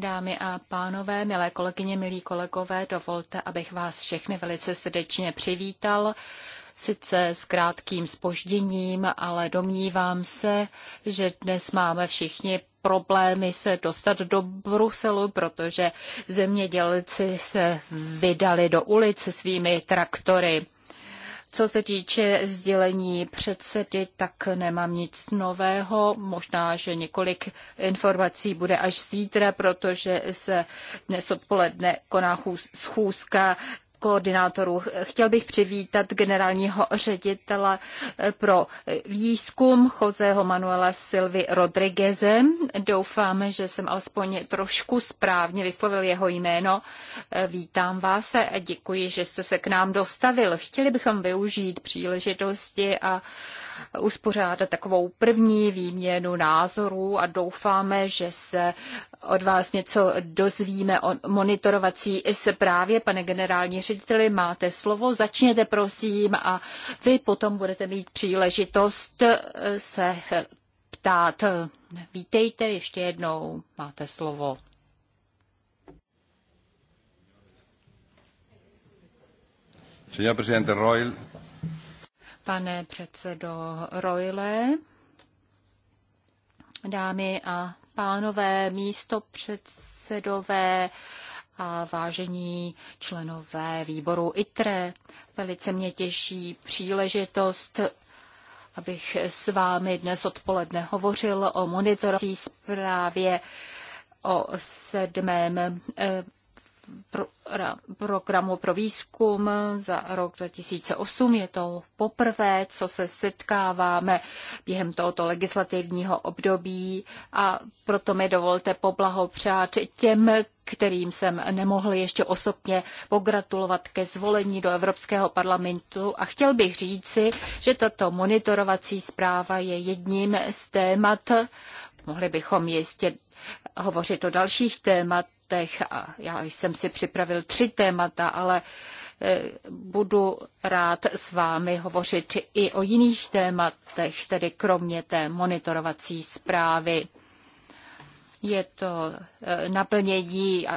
Dámy a pánové, milé kolegyně, milí kolegové, dovolte, abych vás všechny velice srdečně přivítal. Sice s krátkým spožděním, ale domnívám se, že dnes máme všichni problémy se dostat do Bruselu, protože zemědělci se vydali do ulic svými traktory. Co se týče sdělení předsedy, tak nemám nic nového. Možná, že několik informací bude až zítra, protože se dnes odpoledne koná schůzka koordinátorů. Chtěl bych přivítat generálního ředitele pro výzkum Joseho Manuela Silvy Rodrigueze. Doufám, že jsem alespoň trošku správně vyslovil jeho jméno. Vítám vás a děkuji, že jste se k nám dostavil. Chtěli bychom využít příležitosti a uspořádat takovou první výměnu názorů a doufáme, že se od vás něco dozvíme o monitorovací zprávě. Pane generální řediteli, máte slovo, začněte prosím a vy potom budete mít příležitost se ptát. Vítejte ještě jednou, máte slovo. Señor presidente Royal, pane předsedo Royle, dámy a pánové, místo předsedové a vážení členové výboru ITRE. Velice mě těší příležitost abych s vámi dnes odpoledne hovořil o monitorací zprávě o sedmém eh, programu pro výzkum za rok 2008. Je to poprvé, co se setkáváme během tohoto legislativního období a proto mi dovolte poblahopřát těm, kterým jsem nemohl ještě osobně pogratulovat ke zvolení do Evropského parlamentu. A chtěl bych říci, že tato monitorovací zpráva je jedním z témat, mohli bychom jistě hovořit o dalších témat, tématech a já jsem si připravil tři témata, ale eh, budu rád s vámi hovořit i o jiných tématech, tedy kromě té monitorovací zprávy. Je to eh, naplnění eh,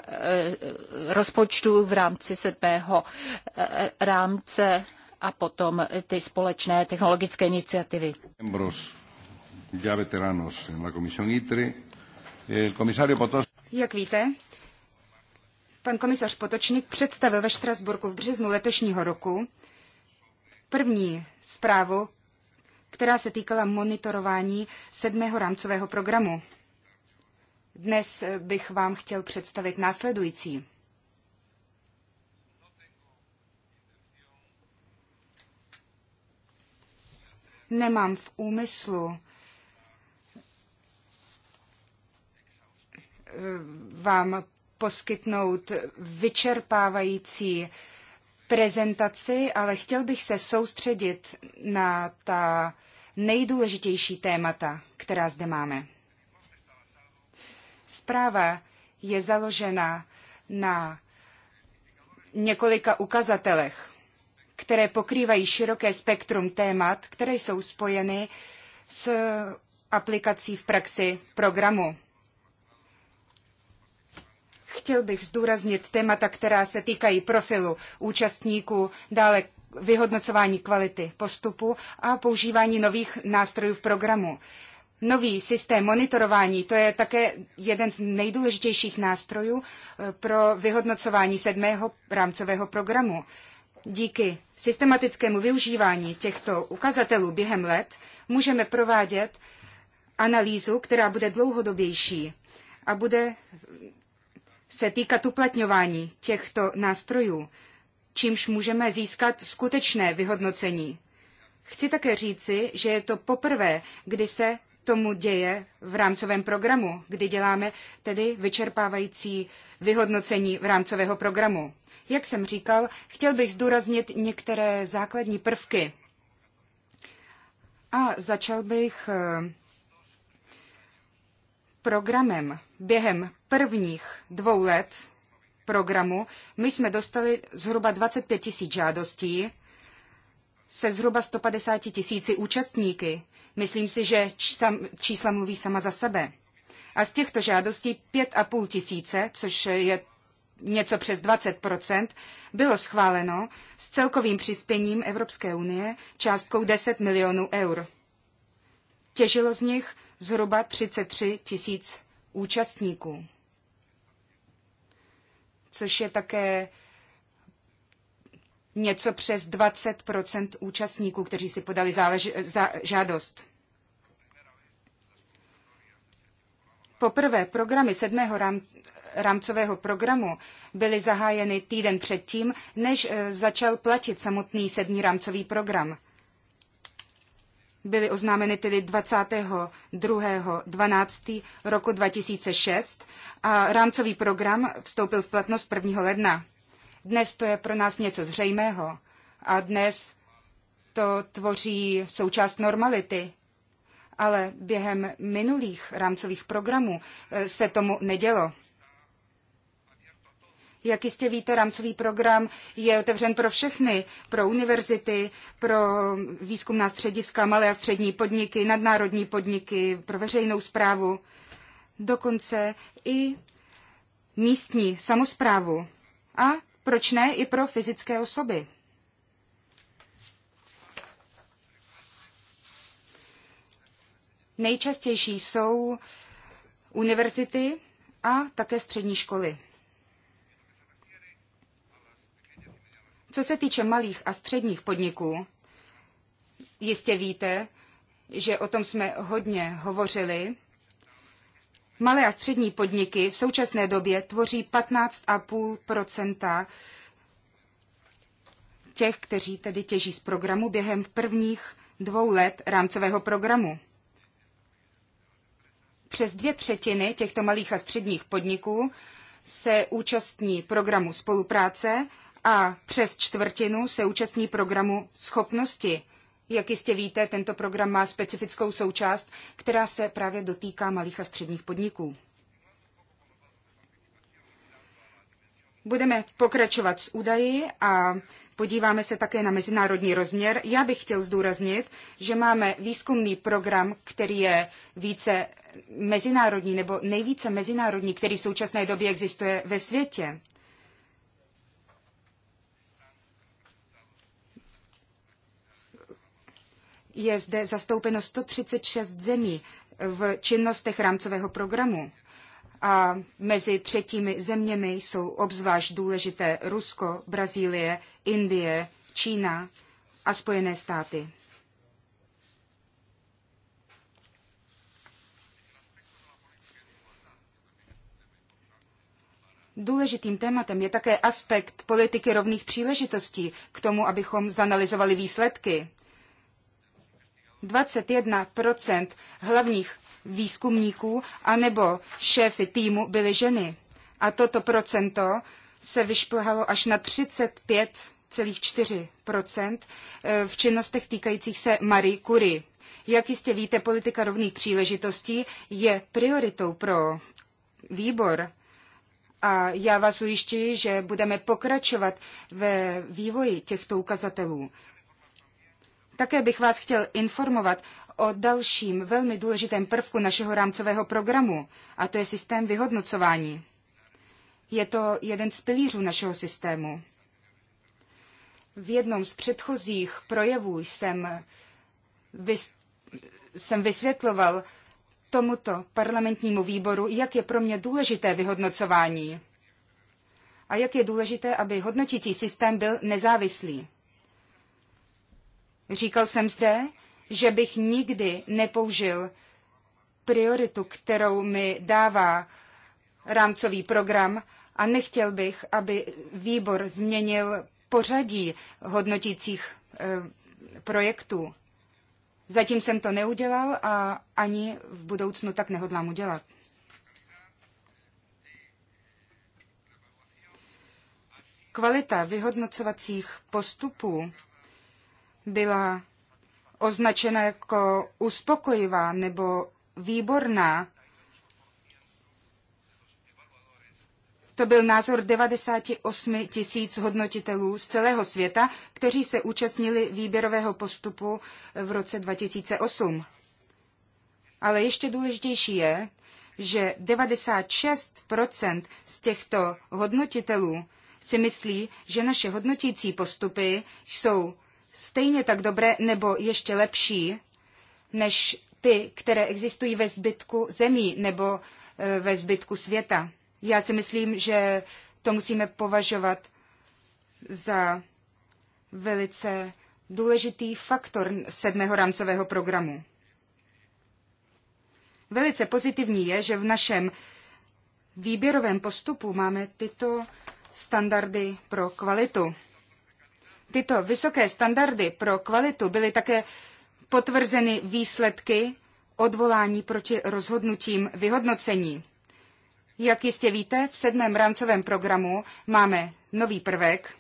rozpočtu v rámci sedmého rámce a potom ty společné technologické iniciativy. veteranos en la Comisión ITRE. El comisario Potos... Jak víte, pan komisař Potočník představil ve Štrasburku v březnu letošního roku první zprávu, která se týkala monitorování sedmého rámcového programu. Dnes bych vám chtěl představit následující. Nemám v úmyslu vám poskytnout vyčerpávající prezentaci, ale chtěl bych se soustředit na ta nejdůležitější témata, která zde máme. Zpráva je založena na několika ukazatelech, které pokrývají široké spektrum témat, které jsou spojeny s aplikací v praxi programu. Chtěl bych zdůraznit témata, která se týkají profilu účastníků, dále vyhodnocování kvality postupu a používání nových nástrojů v programu. Nový systém monitorování, to je také jeden z nejdůležitějších nástrojů eh, pro vyhodnocování sedmého rámcového programu. Díky systematickému využívání těchto ukazatelů během let můžeme provádět analýzu, která bude dlouhodobější a bude se týkat uplatňování těchto nástrojů, čímž můžeme získat skutečné vyhodnocení. Chci také říci, že je to poprvé, kdy se tomu děje v rámcovém programu, kdy děláme tedy vyčerpávající vyhodnocení v rámcového programu. Jak jsem říkal, chtěl bych zdůraznit některé základní prvky. A začal bych eh, programem. Během prvních dvou let programu my jsme dostali zhruba 25 tisíc žádostí se zhruba 150 tisíci účastníky. Myslím si, že čísla mluví sama za sebe. A z těchto žádostí 5,5 tisíce, což je něco přes 20 bylo schváleno s celkovým přispěním Evropské unie částkou 10 milionů eur. Těžilo z nich zhruba 33 tisíc účastníků což je také něco přes 20 účastníků, kteří si podali zálež- za- žádost. Poprvé programy sedmého rám- rámcového programu byly zahájeny týden předtím, než e, začal platit samotný sedmý rámcový program byly oznámeny tedy 22.12. roku 2006 a rámcový program vstoupil v platnost 1. ledna. Dnes to je pro nás něco zřejmého a dnes to tvoří součást normality. Ale během minulých rámcových programů eh, se tomu nedělo. Jak jistě víte, rámcový program je otevřen pro všechny, pro univerzity, pro výzkumná střediska, malé a střední podniky, nadnárodní podniky, pro veřejnou zprávu, dokonce i místní samozprávu a proč ne i pro fyzické osoby. Nejčastější jsou univerzity a také střední školy. Co se týče malých a středních podniků, jistě víte, že o tom jsme hodně hovořili. Malé a střední podniky v současné době tvoří 15,5 těch, kteří tedy těží z programu během prvních dvou let rámcového programu. Přes dvě třetiny těchto malých a středních podniků se účastní programu spolupráce a přes čtvrtinu se účastní programu schopnosti. Jak jistě víte, tento program má specifickou součást, která se právě dotýká malých a středních podniků. Budeme pokračovat s údaji a podíváme se také na mezinárodní rozměr. Já bych chtěl zdůraznit, že máme výzkumný program, který je více mezinárodní nebo nejvíce mezinárodní, který v současné době existuje ve světě. je zde zastoupeno 136 zemí v činnostech rámcového programu. A mezi třetími zeměmi jsou obzvlášť důležité Rusko, Brazílie, Indie, Čína a Spojené státy. Důležitým tématem je také aspekt politiky rovných příležitostí k tomu, abychom zanalizovali výsledky. 21% hlavních výzkumníků anebo šéfy týmu byly ženy. A toto procento se vyšplhalo až na 35,4% eh, v činnostech týkajících se Marie Curie. Jak jistě víte, politika rovných příležitostí je prioritou pro výbor. A já vás ujišťuji, že budeme pokračovat ve vývoji těchto ukazatelů. Také bych vás chtěl informovat o dalším velmi důležitém prvku našeho rámcového programu, a to je systém vyhodnocování. Je to jeden z pilířů našeho systému. V jednom z předchozích projevů jsem, vys- jsem vysvětloval tomuto parlamentnímu výboru, jak je pro mě důležité vyhodnocování a jak je důležité, aby hodnotící systém byl nezávislý. Říkal jsem zde, že bych nikdy nepoužil prioritu, kterou mi dává rámcový program a nechtěl bych, aby výbor změnil pořadí hodnotících e, projektů. Zatím jsem to neudělal a ani v budoucnu tak nehodlám udělat. Kvalita vyhodnocovacích postupů byla označena jako uspokojivá nebo výborná. To byl názor 98 tisíc hodnotitelů z celého světa, kteří se účastnili výběrového postupu v roce 2008. Ale ještě důležitější je, že 96 z těchto hodnotitelů si myslí, že naše hodnotící postupy jsou stejně tak dobré nebo ještě lepší než ty, které existují ve zbytku zemí nebo e, ve zbytku světa. Já si myslím, že to musíme považovat za velice důležitý faktor sedmého rámcového programu. Velice pozitivní je, že v našem výběrovém postupu máme tyto standardy pro kvalitu. Tyto vysoké standardy pro kvalitu byly také potvrzeny výsledky odvolání proti rozhodnutím vyhodnocení. Jak jistě víte, v sedmém rámcovém programu máme nový prvek.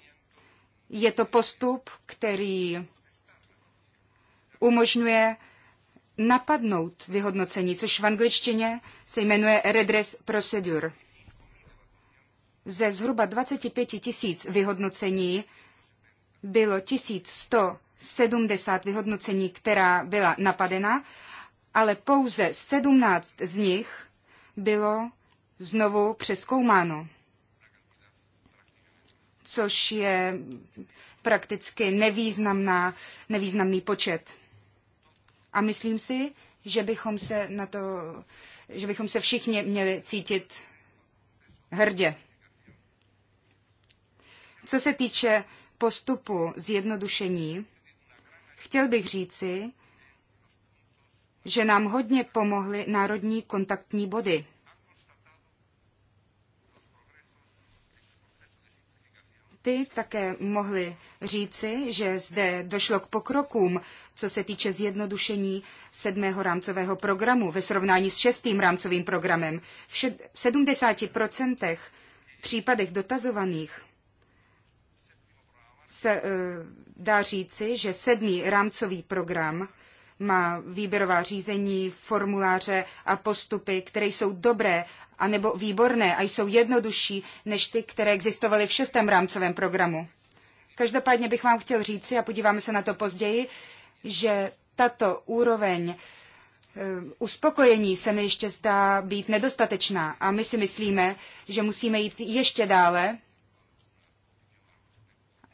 Je to postup, který umožňuje napadnout vyhodnocení, což v angličtině se jmenuje redress procedure. Ze zhruba 25 tisíc vyhodnocení bylo 1170 vyhodnocení, která byla napadena, ale pouze 17 z nich bylo znovu přeskoumáno, což je prakticky nevýznamná, nevýznamný počet. A myslím si, že bychom se na to, že bychom se všichni měli cítit hrdě. Co se týče postupu zjednodušení, chtěl bych říci, že nám hodně pomohly národní kontaktní body. Ty také mohly říci, že zde došlo k pokrokům, co se týče zjednodušení sedmého rámcového programu ve srovnání s šestým rámcovým programem. V 70% případech dotazovaných se eh, dá říci, že sedmý rámcový program má výběrová řízení, formuláře a postupy, které jsou dobré a nebo výborné a jsou jednodušší než ty, které existovaly v šestém rámcovém programu. Každopádně bych vám chtěl říci, a podíváme se na to později, že tato úroveň eh, uspokojení se mi ještě zdá být nedostatečná a my si myslíme, že musíme jít ještě dále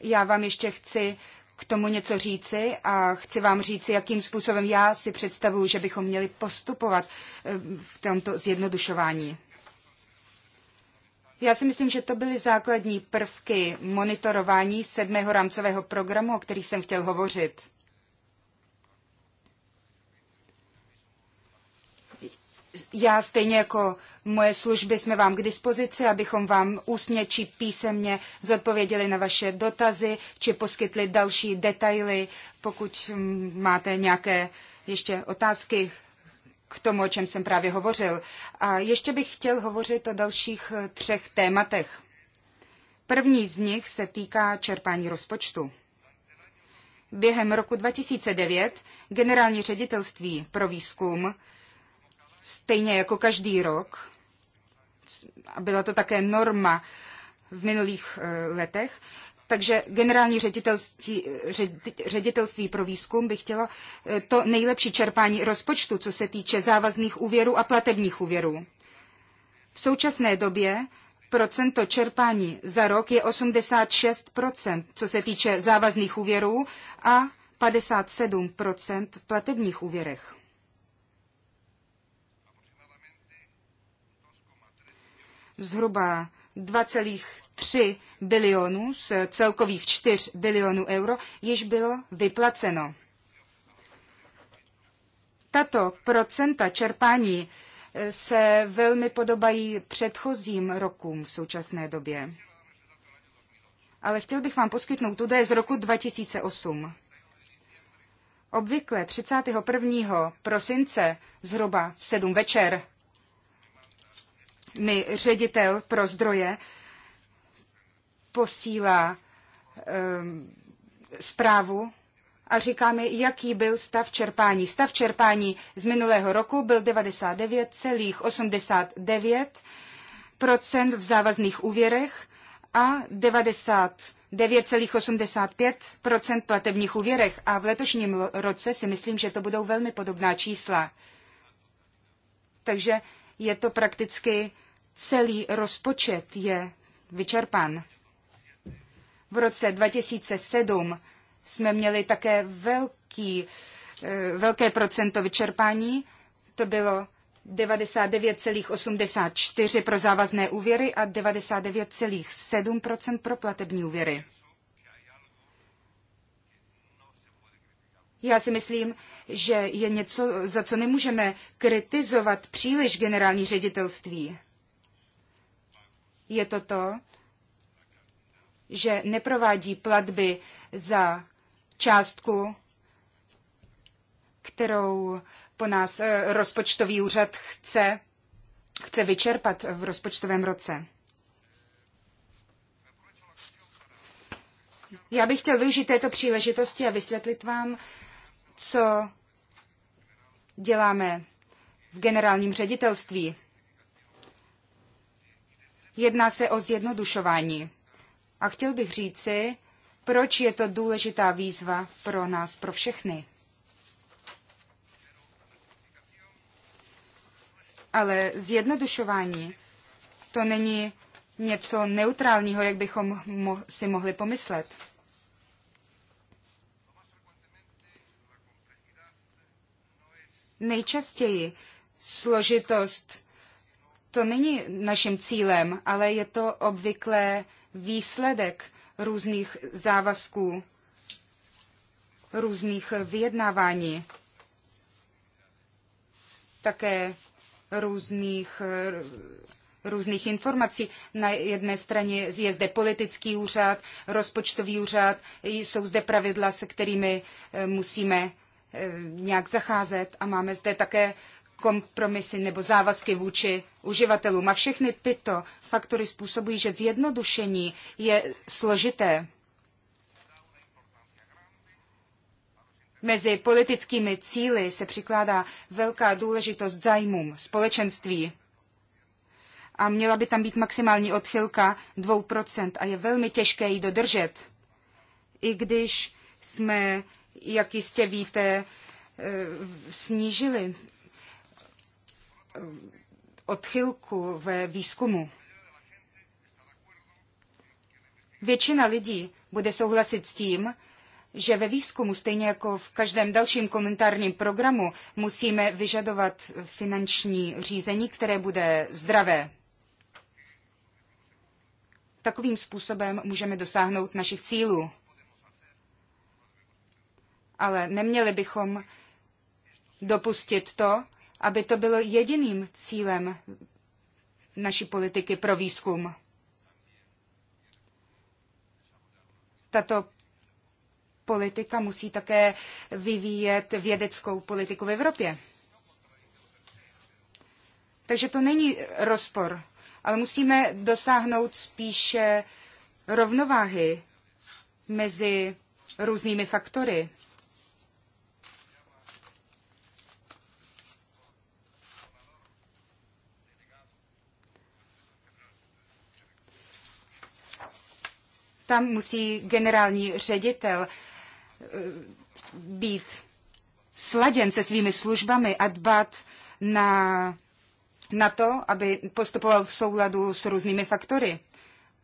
já vám ještě chci k tomu něco říci a chci vám říci, jakým způsobem já si představuji, že bychom měli postupovat eh, v tomto zjednodušování. Já si myslím, že to byly základní prvky monitorování sedmého rámcového programu, o kterých jsem chtěl hovořit. Já stejně jako Moje služby jsme vám k dispozici, abychom vám ústně či písemně zodpověděli na vaše dotazy, či poskytli další detaily, pokud mm, máte nějaké ještě otázky k tomu, o čem jsem právě hovořil. A ještě bych chtěl hovořit o dalších eh, třech tématech. První z nich se týká čerpání rozpočtu. Během roku 2009 generální ředitelství pro výzkum stejně jako každý rok, a byla to také norma v minulých eh, letech, takže generální ředitelství, ředitelství pro výzkum by chtělo eh, to nejlepší čerpání rozpočtu, co se týče závazných úvěrů a platebních úvěrů. V současné době procento čerpání za rok je 86%, co se týče závazných úvěrů a 57% v platebních úvěrech. zhruba 2,3 bilionů z celkových 4 bilionů euro již bylo vyplaceno. Tato procenta čerpání eh, se velmi podobají předchozím rokům v současné době. Ale chtěl bych vám poskytnout údaje z roku 2008. Obvykle 31. prosince zhruba v 7 večer mi ředitel pro zdroje posílá um, zprávu a říká mi, jaký byl stav čerpání. Stav čerpání z minulého roku byl 99,89 v závazných úvěrech a 99,85 platebních úvěrech. A v letošním roce si myslím, že to budou velmi podobná čísla. Takže je to prakticky celý rozpočet je vyčerpan. V roce 2007 jsme měli také velký, eh, velké procento vyčerpání, to bylo 99,84 pro závazné úvěry a 99,7 pro platební úvěry. Já si myslím, že je něco, za co nemůžeme kritizovat příliš generální ředitelství. Je to to, že neprovádí platby za částku, kterou po nás eh, rozpočtový úřad chce, chce vyčerpat v rozpočtovém roce. Já bych chtěl využít této příležitosti a vysvětlit vám, co děláme v generálním ředitelství. Jedná se o zjednodušování. A chtěl bych říci, proč je to důležitá výzva pro nás, pro všechny. Ale zjednodušování to není něco neutrálního, jak bychom mo- si mohli pomyslet. nejčastěji. Složitost to není naším cílem, ale je to obvykle výsledek různých závazků, různých vyjednávání, také různých, různých informací. Na jedné straně je zde politický úřad, rozpočtový úřad, jsou zde pravidla, se kterými eh, musíme Eh, nějak zacházet a máme zde také kompromisy nebo závazky vůči uživatelům. A všechny tyto faktory způsobují, že zjednodušení je složité. Mezi politickými cíly se přikládá velká důležitost zájmům společenství. A měla by tam být maximální odchylka 2% a je velmi těžké ji dodržet. I když jsme jak jistě víte, eh, snížily odchylku ve výzkumu. Většina lidí bude souhlasit s tím, že ve výzkumu, stejně jako v každém dalším komentárním programu, musíme vyžadovat finanční řízení, které bude zdravé. Takovým způsobem můžeme dosáhnout našich cílů ale neměli bychom dopustit to, aby to bylo jediným cílem naší politiky pro výzkum. Tato politika musí také vyvíjet vědeckou politiku v Evropě. Takže to není rozpor, ale musíme dosáhnout spíše rovnováhy mezi různými faktory. tam musí generální ředitel eh, být sladěn se svými službami a dbat na, na to, aby postupoval v souladu s různými faktory,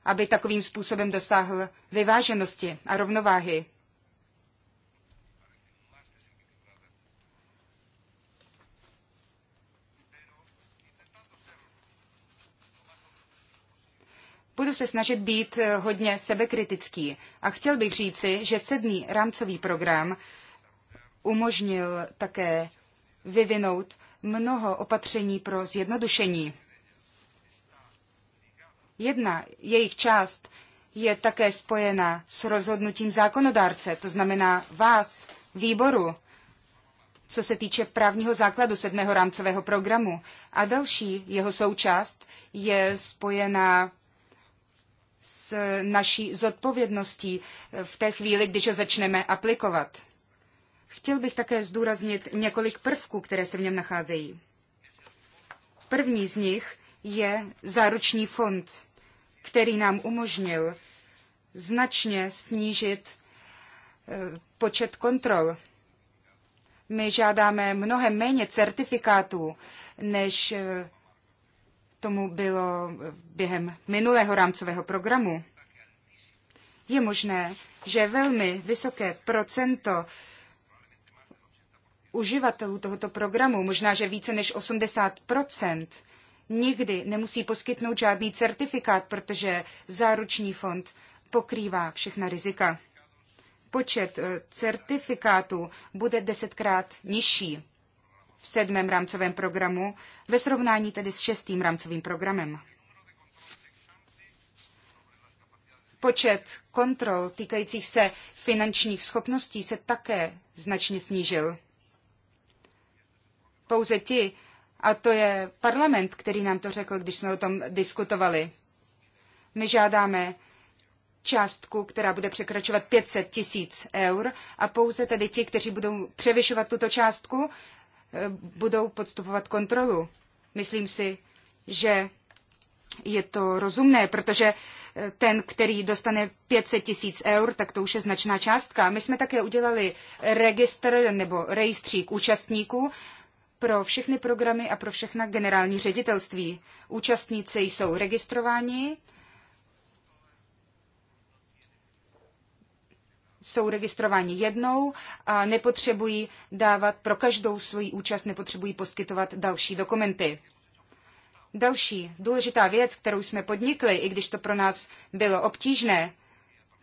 aby takovým způsobem dosáhl vyváženosti a rovnováhy. Budu se snažit být eh, hodně sebekritický a chtěl bych říci, že sedmý rámcový program umožnil také vyvinout mnoho opatření pro zjednodušení. Jedna jejich část je také spojena s rozhodnutím zákonodárce, to znamená vás, výboru, co se týče právního základu sedmého rámcového programu. A další jeho součást je spojená s naší zodpovědností v té chvíli, když ho začneme aplikovat. Chtěl bych také zdůraznit několik prvků, které se v něm nacházejí. První z nich je záruční fond, který nám umožnil značně snížit eh, počet kontrol. My žádáme mnohem méně certifikátů, než eh, tomu bylo během minulého rámcového programu, je možné, že velmi vysoké procento uživatelů tohoto programu, možná že více než 80 nikdy nemusí poskytnout žádný certifikát, protože záruční fond pokrývá všechna rizika. Počet eh, certifikátů bude desetkrát nižší sedmém rámcovém programu ve srovnání tedy s šestým rámcovým programem. Počet kontrol týkajících se finančních schopností se také značně snížil. Pouze ti, a to je parlament, který nám to řekl, když jsme o tom diskutovali. My žádáme částku, která bude překračovat 500 tisíc eur a pouze tedy ti, kteří budou převyšovat tuto částku, budou podstupovat kontrolu. Myslím si, že je to rozumné, protože eh, ten, který dostane 500 tisíc eur, tak to už je značná částka. My jsme také udělali registr nebo rejstřík účastníků pro všechny programy a pro všechna generální ředitelství. Účastníci jsou registrováni, jsou registrováni jednou a nepotřebují dávat pro každou svoji účast, nepotřebují poskytovat další dokumenty. Další důležitá věc, kterou jsme podnikli, i když to pro nás bylo obtížné,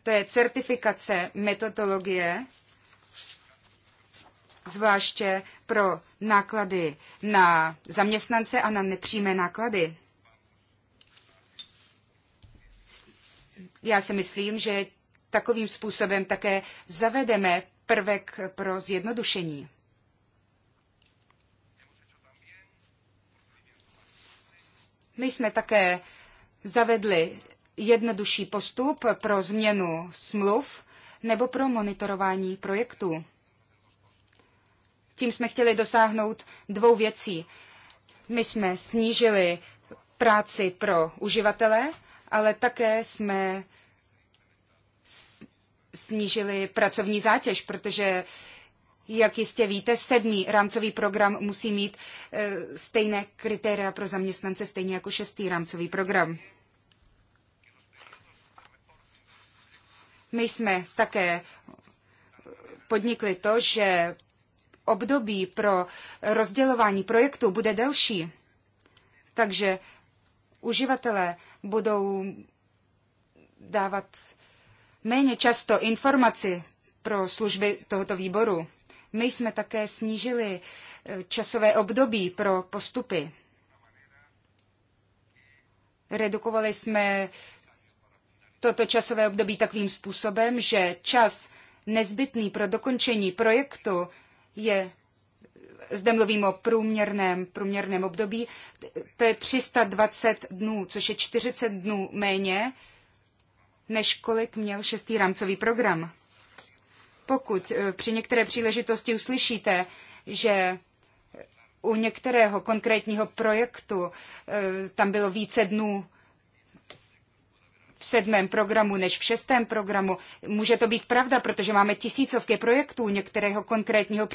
to je certifikace metodologie, zvláště pro náklady na zaměstnance a na nepřímé náklady. Já si myslím, že Takovým způsobem také zavedeme prvek pro zjednodušení. My jsme také zavedli jednodušší postup pro změnu smluv nebo pro monitorování projektů. Tím jsme chtěli dosáhnout dvou věcí. My jsme snížili práci pro uživatele, ale také jsme snížili pracovní zátěž, protože jak jistě víte, sedmý rámcový program musí mít eh, stejné kritéria pro zaměstnance, stejně jako šestý rámcový program. My jsme také podnikli to, že období pro rozdělování projektu bude delší, takže uživatelé budou dávat méně často informaci pro služby tohoto výboru. My jsme také snížili e, časové období pro postupy. Redukovali jsme toto časové období takovým způsobem, že čas nezbytný pro dokončení projektu je, zde mluvím o průměrném, průměrném období, to je 320 dnů, což je 40 dnů méně než kolik měl šestý rámcový program. Pokud eh, při některé příležitosti uslyšíte, že u některého konkrétního projektu eh, tam bylo více dnů v sedmém programu než v šestém programu. Může to být pravda, protože máme tisícovky projektů, některého konkrétního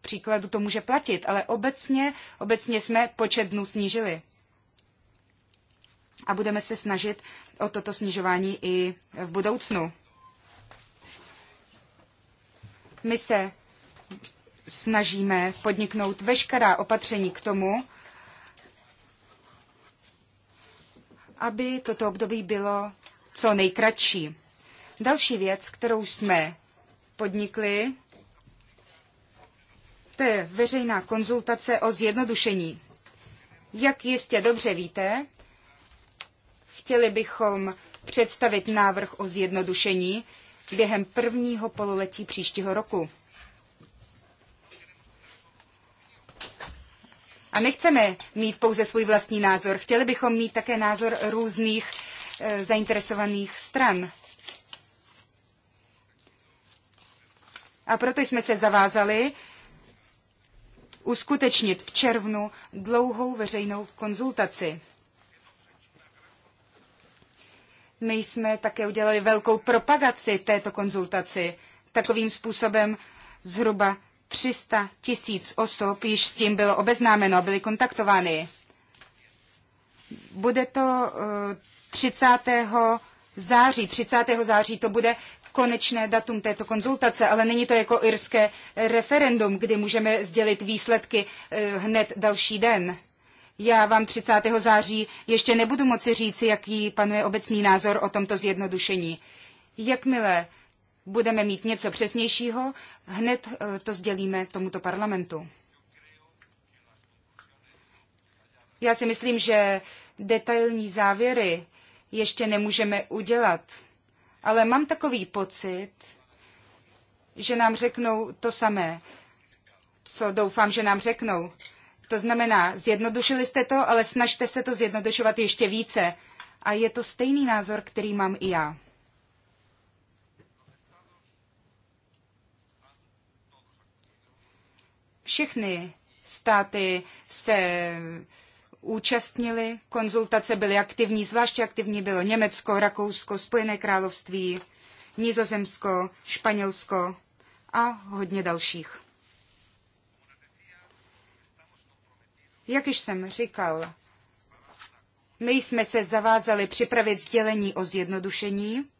příkladu to může platit, ale obecně, obecně jsme počet dnů snížili a budeme se snažit o toto snižování i v budoucnu. My se snažíme podniknout veškerá opatření k tomu, aby toto období bylo co nejkratší. Další věc, kterou jsme podnikli, to je veřejná konzultace o zjednodušení. Jak jistě dobře víte, Chtěli bychom představit návrh o zjednodušení během prvního pololetí příštího roku. A nechceme mít pouze svůj vlastní názor, chtěli bychom mít také názor různých e, zainteresovaných stran. A proto jsme se zavázali uskutečnit v červnu dlouhou veřejnou konzultaci. My jsme také udělali velkou propagaci této konzultaci. Takovým způsobem zhruba 300 tisíc osob již s tím bylo obeznámeno, byly kontaktovány. Bude to 30. Eh, září. 30. září to bude konečné datum této konzultace, ale není to jako irské referendum, kdy můžeme sdělit výsledky eh, hned další den. Já vám 30. září ještě nebudu moci říci, jaký panuje obecný názor o tomto zjednodušení. Jakmile budeme mít něco přesnějšího, hned eh, to sdělíme tomuto parlamentu. Já si myslím, že detailní závěry ještě nemůžeme udělat, ale mám takový pocit, že nám řeknou to samé, co doufám, že nám řeknou. To znamená, zjednodušili jste to, ale snažte se to zjednodušovat ještě více. A je to stejný názor, který mám i já. Všechny státy se účastnili, konzultace byly aktivní, zvláště aktivní bylo Německo, Rakousko, Spojené království, Nizozemsko, Španělsko a hodně dalších. Jak již jsem říkal, my jsme se zavázali připravit sdělení o zjednodušení,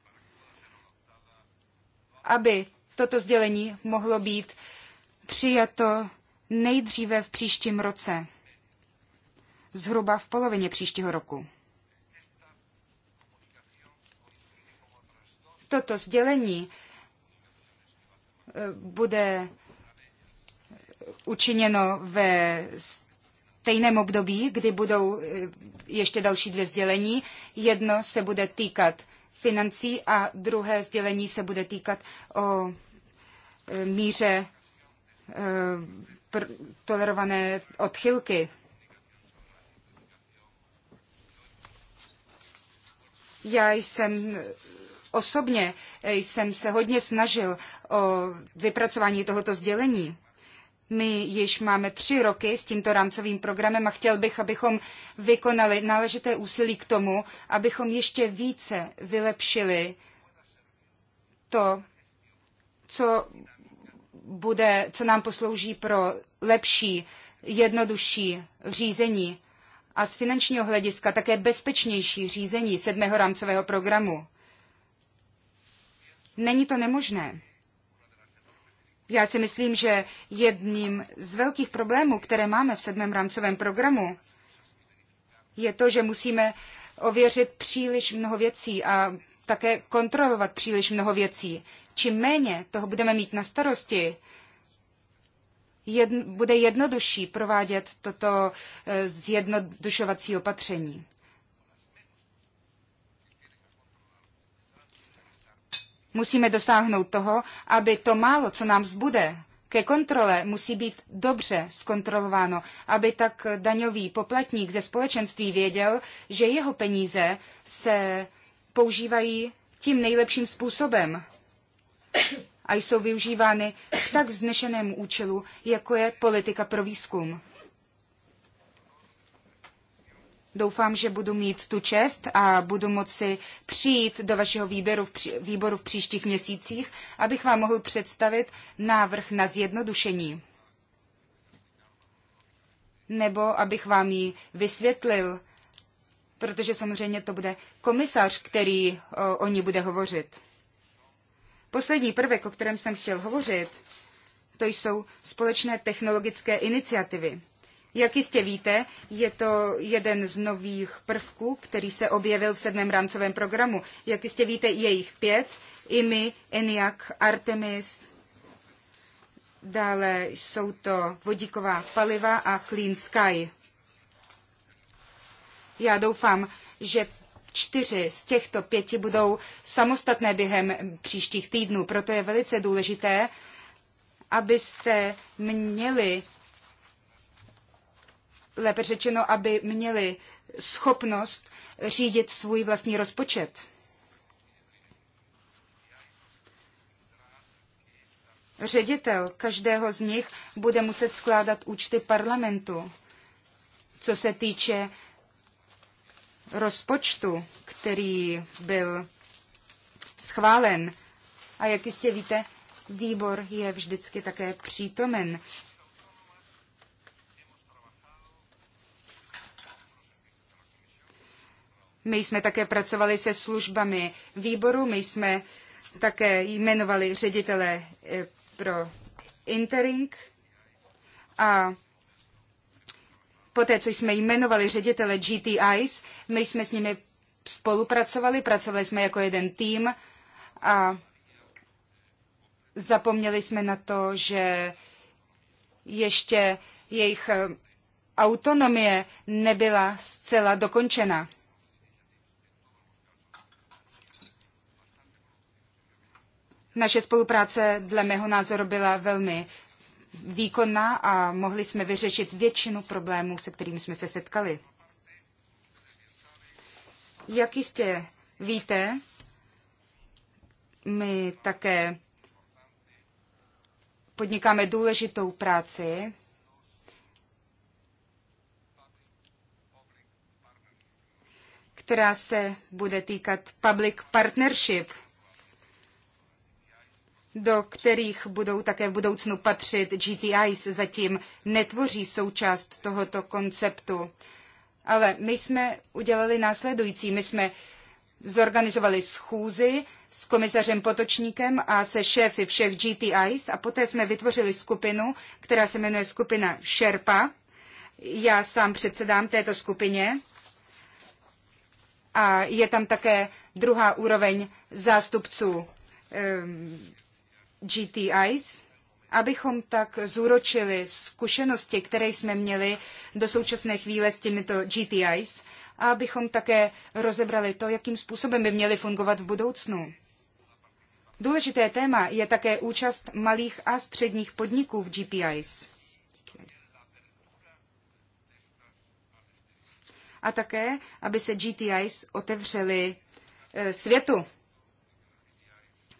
aby toto sdělení mohlo být přijato nejdříve v příštím roce, zhruba v polovině příštího roku. Toto sdělení eh, bude učiněno ve stejném období, kdy budou eh, ještě další dvě sdělení. Jedno se bude týkat financí a druhé sdělení se bude týkat o eh, míře eh, tolerované odchylky. Já jsem osobně jsem se hodně snažil o vypracování tohoto sdělení. My již máme tři roky s tímto rámcovým programem a chtěl bych, abychom vykonali náležité úsilí k tomu, abychom ještě více vylepšili to, co bude, co nám poslouží pro lepší, jednodušší řízení a z finančního hlediska také bezpečnější řízení sedmého rámcového programu. Není to nemožné. Já si myslím, že jedním z velkých problémů, které máme v sedmém rámcovém programu, je to, že musíme ověřit příliš mnoho věcí a také kontrolovat příliš mnoho věcí. Čím méně toho budeme mít na starosti, jedn, bude jednodušší provádět toto eh, zjednodušovací opatření. Musíme dosáhnout toho, aby to málo, co nám zbude, ke kontrole musí být dobře zkontrolováno, aby tak daňový poplatník ze společenství věděl, že jeho peníze se používají tím nejlepším způsobem a jsou využívány k tak vznešenému účelu, jako je politika pro výzkum. Doufám, že budu mít tu čest a budu moci přijít do vašeho výběru v pří, výboru v příštích měsících, abych vám mohl představit návrh na zjednodušení. Nebo abych vám ji vysvětlil, protože samozřejmě to bude komisař, který o, o ní bude hovořit. Poslední prvek, o kterém jsem chtěl hovořit, to jsou společné technologické iniciativy. Jak jistě víte, je to jeden z nových prvků, který se objevil v sedmém rámcovém programu. Jak jistě víte, je jich pět. IMI, ENIAC, Artemis, dále jsou to vodíková paliva a Clean Sky. Já doufám, že čtyři z těchto pěti budou samostatné během příštích týdnů. Proto je velice důležité, abyste měli lépe řečeno, aby měli schopnost řídit svůj vlastní rozpočet. Ředitel každého z nich bude muset skládat účty parlamentu, co se týče rozpočtu, který byl schválen. A jak jistě víte, výbor je vždycky také přítomen My jsme také pracovali se službami výboru, my jsme také jmenovali ředitele eh, pro Interink a poté, co jsme jmenovali ředitele GTIs, my jsme s nimi spolupracovali, pracovali jsme jako jeden tým a zapomněli jsme na to, že ještě jejich eh, autonomie nebyla zcela dokončena. Naše spolupráce dle mého názoru byla velmi výkonná a mohli jsme vyřešit většinu problémů, se kterými jsme se setkali. Jak jistě víte, my také podnikáme důležitou práci která se bude týkat public partnership – do kterých budou také v budoucnu patřit GTI, se zatím netvoří součást tohoto konceptu. Ale my jsme udělali následující. My jsme zorganizovali schůzi s komisařem Potočníkem a se šéfy všech GTIs a poté jsme vytvořili skupinu, která se jmenuje skupina Sherpa. Já sám předsedám této skupině a je tam také druhá úroveň zástupců ehm, GTIs, abychom tak zúročili zkušenosti, které jsme měli do současné chvíle s těmito GTIs a abychom také rozebrali to, jakým způsobem by měly fungovat v budoucnu. Důležité téma je také účast malých a středních podniků v GPIs. A také, aby se GTIs otevřely eh, světu,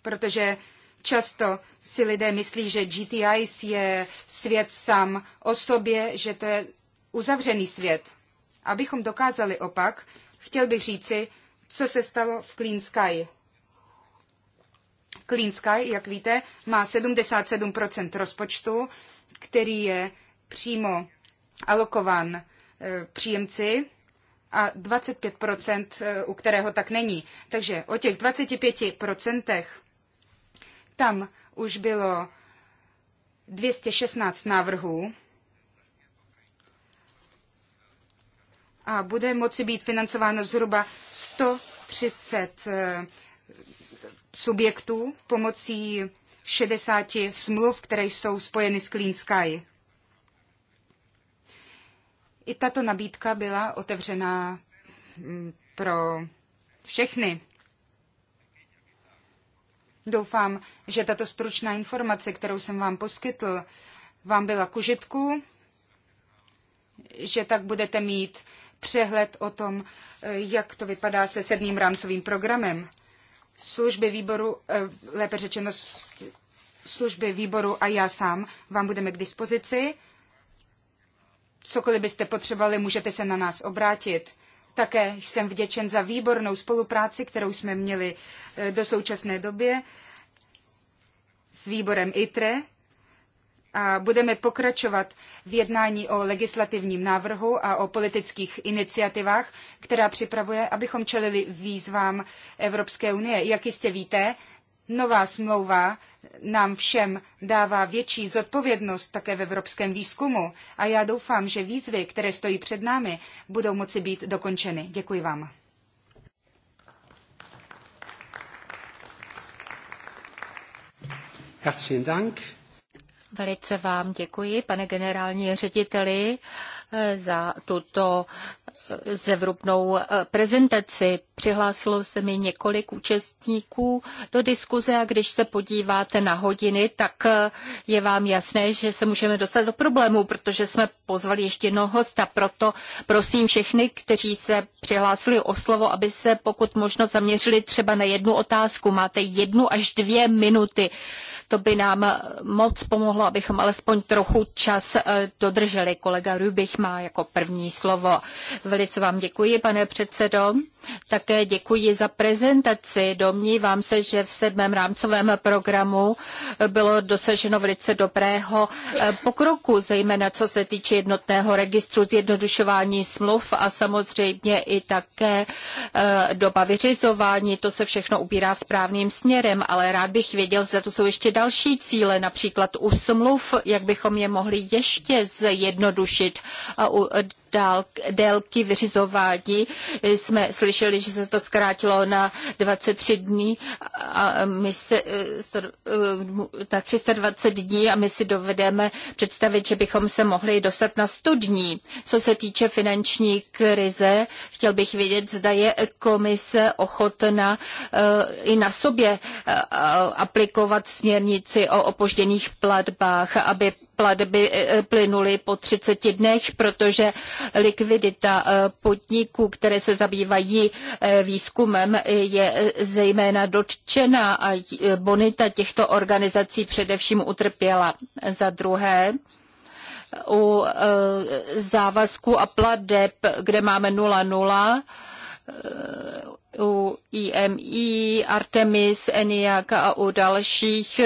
protože Často si lidé myslí, že GTIs je svět sám o sobě, že to je uzavřený svět. Abychom dokázali opak, chtěl bych říci, co se stalo v Clean Sky. Clean Sky, jak víte, má 77% rozpočtu, který je přímo alokovan e, příjemci a 25%, e, u kterého tak není. Takže o těch 25% tam už bylo 216 návrhů a bude moci být financováno zhruba 130 eh, subjektů pomocí 60 smluv, které jsou spojeny s Clean Sky. I tato nabídka byla otevřená mm, pro všechny. Doufám, že tato stručná informace, kterou jsem vám poskytl, vám byla k užitku, že tak budete mít přehled o tom, jak to vypadá se sedmým rámcovým programem. Služby výboru, eh, lépe řečeno služby výboru a já sám vám budeme k dispozici. Cokoliv byste potřebovali, můžete se na nás obrátit. Také jsem vděčen za výbornou spolupráci, kterou jsme měli eh, do současné době s výborem ITRE a budeme pokračovat v jednání o legislativním návrhu a o politických iniciativách, která připravuje, abychom čelili výzvám Evropské unie. Jak jistě víte, nová smlouva nám všem dává větší zodpovědnost také v evropském výzkumu a já doufám, že výzvy, které stojí před námi, budou moci být dokončeny. Děkuji vám. Dank. Velice vám děkuji, pane generální řediteli. Eh, za tuto eh, zevrubnou eh, prezentaci. Přihlásilo se mi několik účastníků do diskuze a když se podíváte na hodiny, tak je vám jasné, že se můžeme dostat do problému, protože jsme pozvali ještě jednoho hosta. Proto prosím všechny, kteří se přihlásili o slovo, aby se pokud možno zaměřili třeba na jednu otázku. Máte jednu až dvě minuty. To by nám moc pomohlo, abychom alespoň trochu čas dodrželi. Kolega Rubich má jako první slovo. Velice vám děkuji, pane předsedo. Také děkuji za prezentaci. Domnívám se, že v sedmém rámcovém programu bylo dosaženo velice dobrého eh, pokroku, zejména co se týče jednotného registru zjednodušování smluv a samozřejmě i také eh, doba vyřizování. To se všechno ubírá správným směrem, ale rád bych věděl, zda to jsou ještě další cíle, například u smluv, jak bychom je mohli ještě zjednodušit a u dál, délky vyřizování jsme slyšeli, že se to zkrátilo na 23 dní a my se, na 320 dní a my si dovedeme představit, že bychom se mohli dostat na 100 dní. Co se týče finanční krize, chtěl bych vědět, zda je komise ochotna eh, i na sobě eh, aplikovat směrnici o opožděných platbách, aby platby eh, plynuly po 30 dnech, protože likvidita eh, podniků, které se zabývají eh, výzkumem, je zejména dotčena a bonita těchto organizací především utrpěla. Za druhé, u závazku a pladeb, kde máme 0,0, u IMI, Artemis, ENIAC a u dalších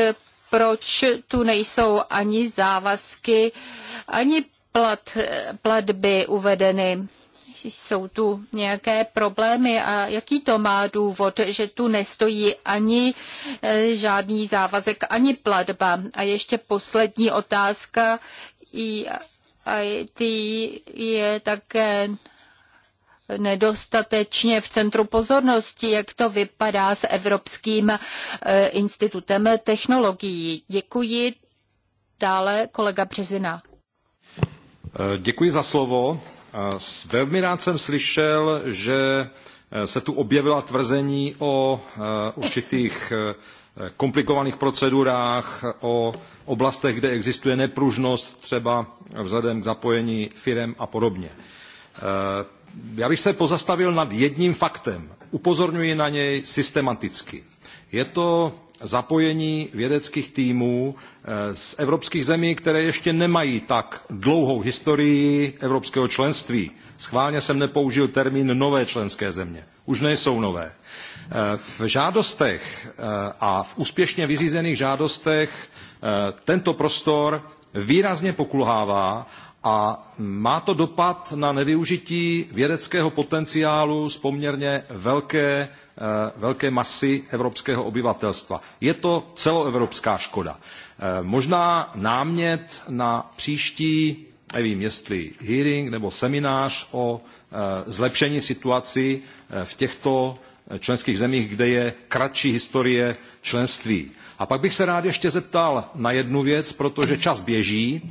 proč tu nejsou ani závazky, ani plat, platby uvedeny. Jsou tu nějaké problémy a jaký to má důvod, že tu nestojí ani eh, žádný závazek, ani platba. A ještě poslední otázka. IT je také nedostatečně v centru pozornosti, jak to vypadá s Evropským eh, institutem technologií. Děkuji. Dále kolega Březina. Eh, děkuji za slovo. Eh, velmi rád jsem slyšel, že se tu objevila tvrzení o určitých komplikovaných procedurách, o oblastech, kde existuje nepružnost, třeba vzhledem k zapojení firem a podobně já bych se pozastavil nad jedním faktem. Upozorňuji na něj systematicky. Je to zapojení vědeckých týmů eh, z evropských zemí, které ještě nemají tak dlouhou historii evropského členství. Schválně jsem nepoužil termín nové členské země. Už nejsou nové. Eh, v žádostech eh, a v úspěšně vyřízených žádostech tento prostor výrazně pokulhává a má to dopad na nevyužití vědeckého potenciálu z poměrně velké, eh, velké masy evropského obyvatelstva. Je to celoevropská škoda. Eh, možná námět na příští, nevím jestli hearing nebo seminář o eh, zlepšení situaci v těchto členských zemích, kde je kratší historie členství. A pak bych se rád ještě zeptal na jednu věc, protože čas běží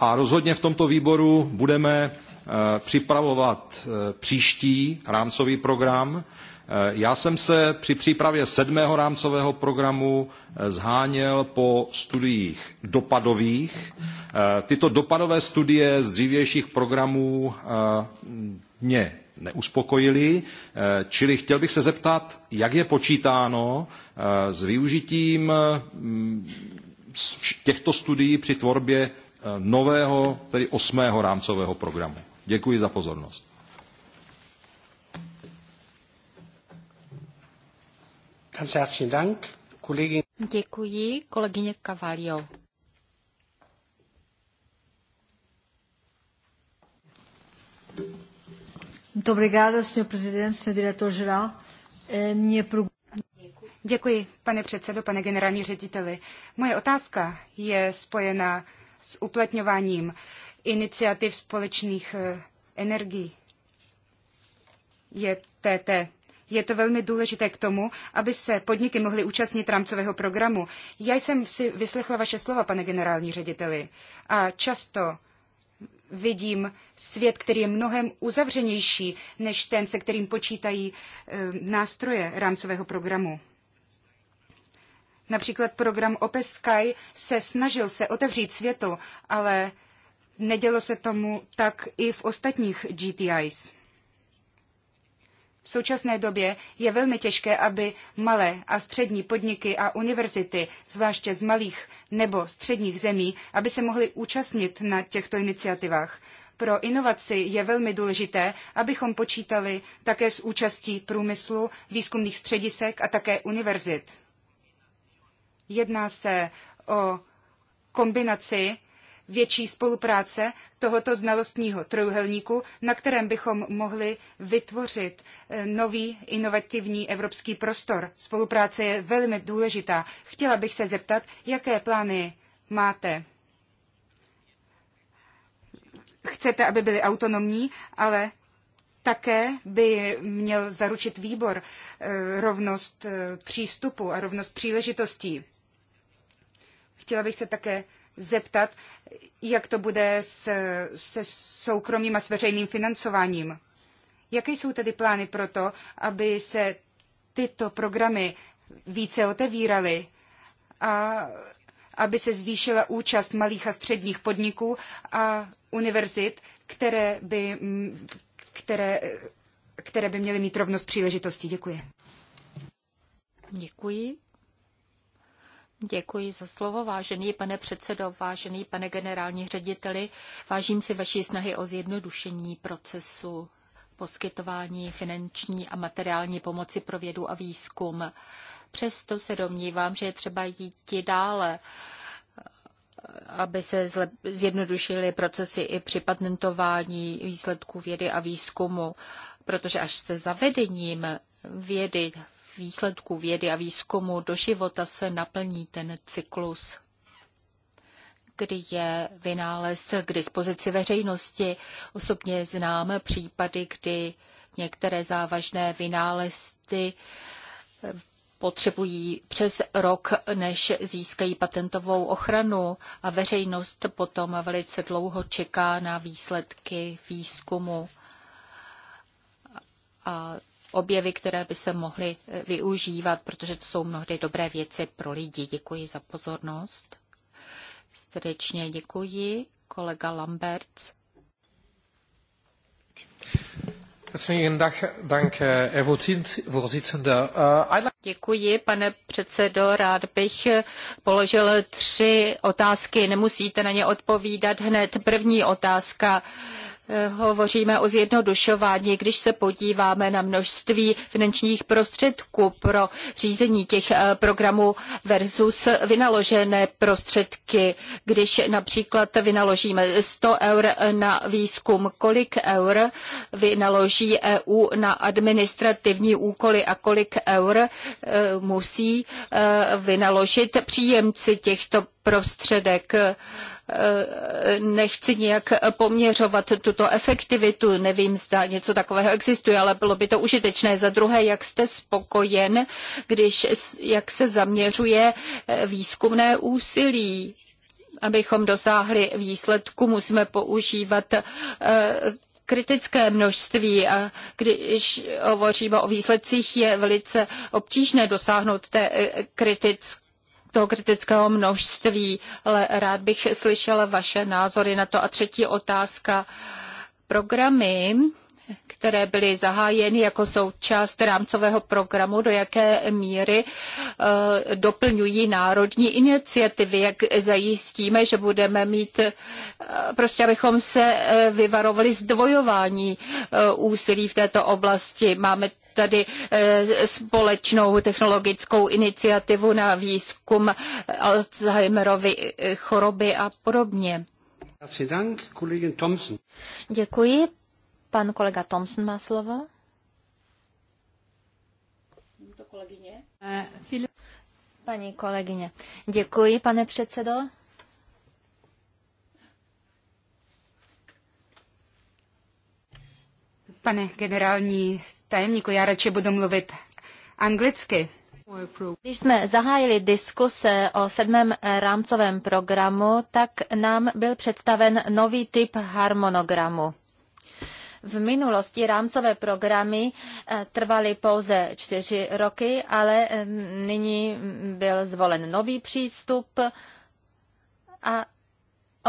a rozhodně v tomto výboru budeme eh, připravovat eh, příští rámcový program. Eh, já jsem se při přípravě sedmého rámcového programu zháněl po studiích dopadových. Tyto dopadové studie z dřívějších programů mě neuspokojily, čili chtěl bych se zeptat, jak je počítáno s využitím hm, těchto studií při tvorbě Eh, nového, tedy osmého rámcového programu. Děkuji za pozornost. Děkuji, kolegyně Cavalio. Eh, Děkuji, pane předsedo, pane generální řediteli. Moje otázka je spojena s uplatňováním iniciativ společných eh, energií. Je TT. Je to velmi důležité k tomu, aby se podniky mohly účastnit rámcového programu. Já jsem si vyslechla vaše slova, pane generální řediteli, a často vidím svět, který je mnohem uzavřenější než ten, se kterým počítají e, nástroje rámcového programu. Například program Sky se snažil se otevřít světu, ale nedělo se tomu tak i v ostatních GTIs. V současné době je velmi těžké, aby malé a střední podniky a univerzity, zvláště z malých nebo středních zemí, aby se mohly účastnit na těchto iniciativách. Pro inovaci je velmi důležité, abychom počítali také s účastí průmyslu, výzkumných středisek a také univerzit. Jedná se o kombinaci větší spolupráce tohoto znalostního trojuhelníku, na kterém bychom mohli vytvořit eh, nový inovativní evropský prostor. Spolupráce je velmi důležitá. Chtěla bych se zeptat, jaké plány máte? Chcete, aby byly autonomní, ale také by měl zaručit výbor eh, rovnost eh, přístupu a rovnost příležitostí. Chtěla bych se také zeptat, jak to bude se, se soukromým a s veřejným financováním. Jaké jsou tedy plány pro to, aby se tyto programy více otevíraly a aby se zvýšila účast malých a středních podniků a univerzit, které by, které, které by měly mít rovnost příležitostí. Děkuji. Děkuji. Děkuji za slovo, vážený pane předsedo, vážený pane generální řediteli. Vážím si vaší snahy o zjednodušení procesu poskytování finanční a materiální pomoci pro vědu a výzkum. Přesto se domnívám, že je třeba jít dále aby se zjednodušily procesy i při patentování výsledků vědy a výzkumu, protože až se zavedením vědy výsledků vědy a výzkumu do života se naplní ten cyklus kdy je vynález k dispozici veřejnosti. Osobně znám případy, kdy některé závažné vynálezy potřebují přes rok, než získají patentovou ochranu a veřejnost potom velice dlouho čeká na výsledky výzkumu. A objevy, které by se mohly eh, využívat, protože to jsou mnohdy dobré věci pro lidi. Děkuji za pozornost. Srdečně děkuji, kolega Lambert. Eh, äh, děkuji, pane předsedo. Rád bych položil tři otázky. Nemusíte na ně odpovídat hned. První otázka. Uh, hovoříme o zjednodušování, když se podíváme na množství finančních prostředků pro řízení těch eh, programů versus vynaložené prostředky. Když například vynaložíme 100 eur na výzkum, kolik eur vynaloží EU na administrativní úkoly a kolik eur eh, musí eh, vynaložit příjemci těchto prostředek Eh, nechci nějak eh, poměřovat tuto efektivitu, nevím, zda něco takového existuje, ale bylo by to užitečné. Za druhé, jak jste spokojen, když, jak se zaměřuje eh, výzkumné úsilí abychom dosáhli výsledku, musíme používat kritické množství a když hovoříme o výsledcích, je velice obtížné dosáhnout té kritické toho kritického množství, ale rád bych slyšel vaše názory na to. A třetí otázka. Programy, které byly zahájeny jako součást rámcového programu, do jaké míry eh, doplňují národní iniciativy, jak zajistíme, že budeme mít, eh, prostě abychom se eh, vyvarovali zdvojování úsilí v této oblasti. Máme tady eh, společnou technologickou iniciativu na výzkum Alzheimerovy eh, choroby a podobně. Děkuji. Pan kolega Thompson má slovo. Paní kolegyně, děkuji, pane předsedo. Pane generální tajemníku, já radši budu mluvit anglicky. Když jsme zahájili diskuse o sedmém eh, rámcovém programu, tak nám byl představen nový typ harmonogramu. V minulosti rámcové programy eh, trvaly pouze čtyři roky, ale eh, nyní byl zvolen nový přístup a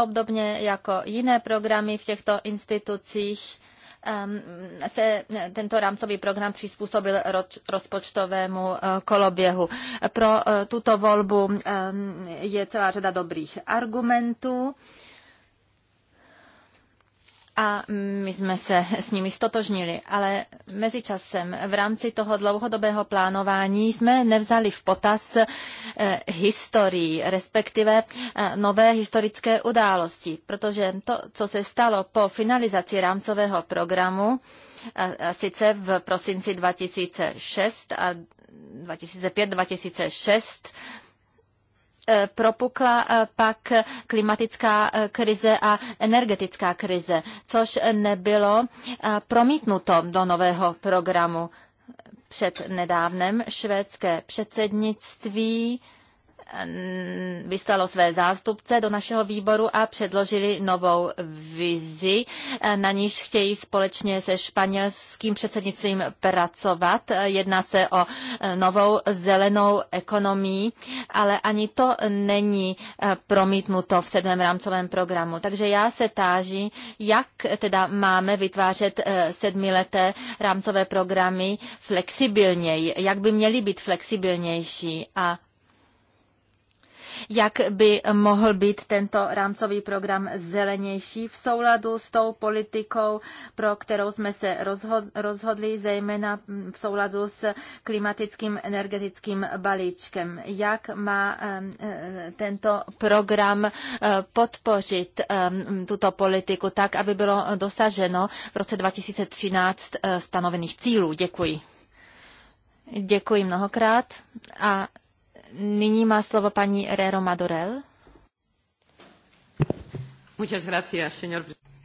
obdobně jako jiné programy v těchto institucích Ehm, se eh, tento rámcový program přizpůsobil rozpočtovému eh, koloběhu. Pro eh, tuto volbu ehm, je celá řada dobrých argumentů a my jsme se s nimi stotožnili, ale mezičasem v rámci toho dlouhodobého plánování jsme nevzali v potaz eh, historii, respektive eh, nové historické události, protože to, co se stalo po finalizaci rámcového programu, eh, sice v prosinci 2006 a 2005-2006, Eh, propukla eh, pak klimatická eh, krize a energetická krize, což nebylo promítnuto do nového programu. Před nedávnem švédské předsednictví Eh, vyslalo své zástupce do našeho výboru a předložili novou vizi, eh, na níž chtějí společně se španělským předsednictvím pracovat. Jedná se o eh, novou zelenou ekonomii, ale ani to není promítnuto v sedmém rámcovém programu. Takže já se táží, jak teda máme vytvářet sedmileté rámcové programy flexibilněji, jak by měly být flexibilnější a jak by mohl být tento rámcový program zelenější v souladu s tou politikou, pro kterou jsme se rozhodli, zejména v souladu s klimatickým energetickým balíčkem. Jak má e, tento program e, podpořit tuto politiku tak, aby bylo dosaženo v roce 2013 e, stanovených cílů? Děkuji. Děkuji mnohokrát a nyní má slovo paní Rero Madorel.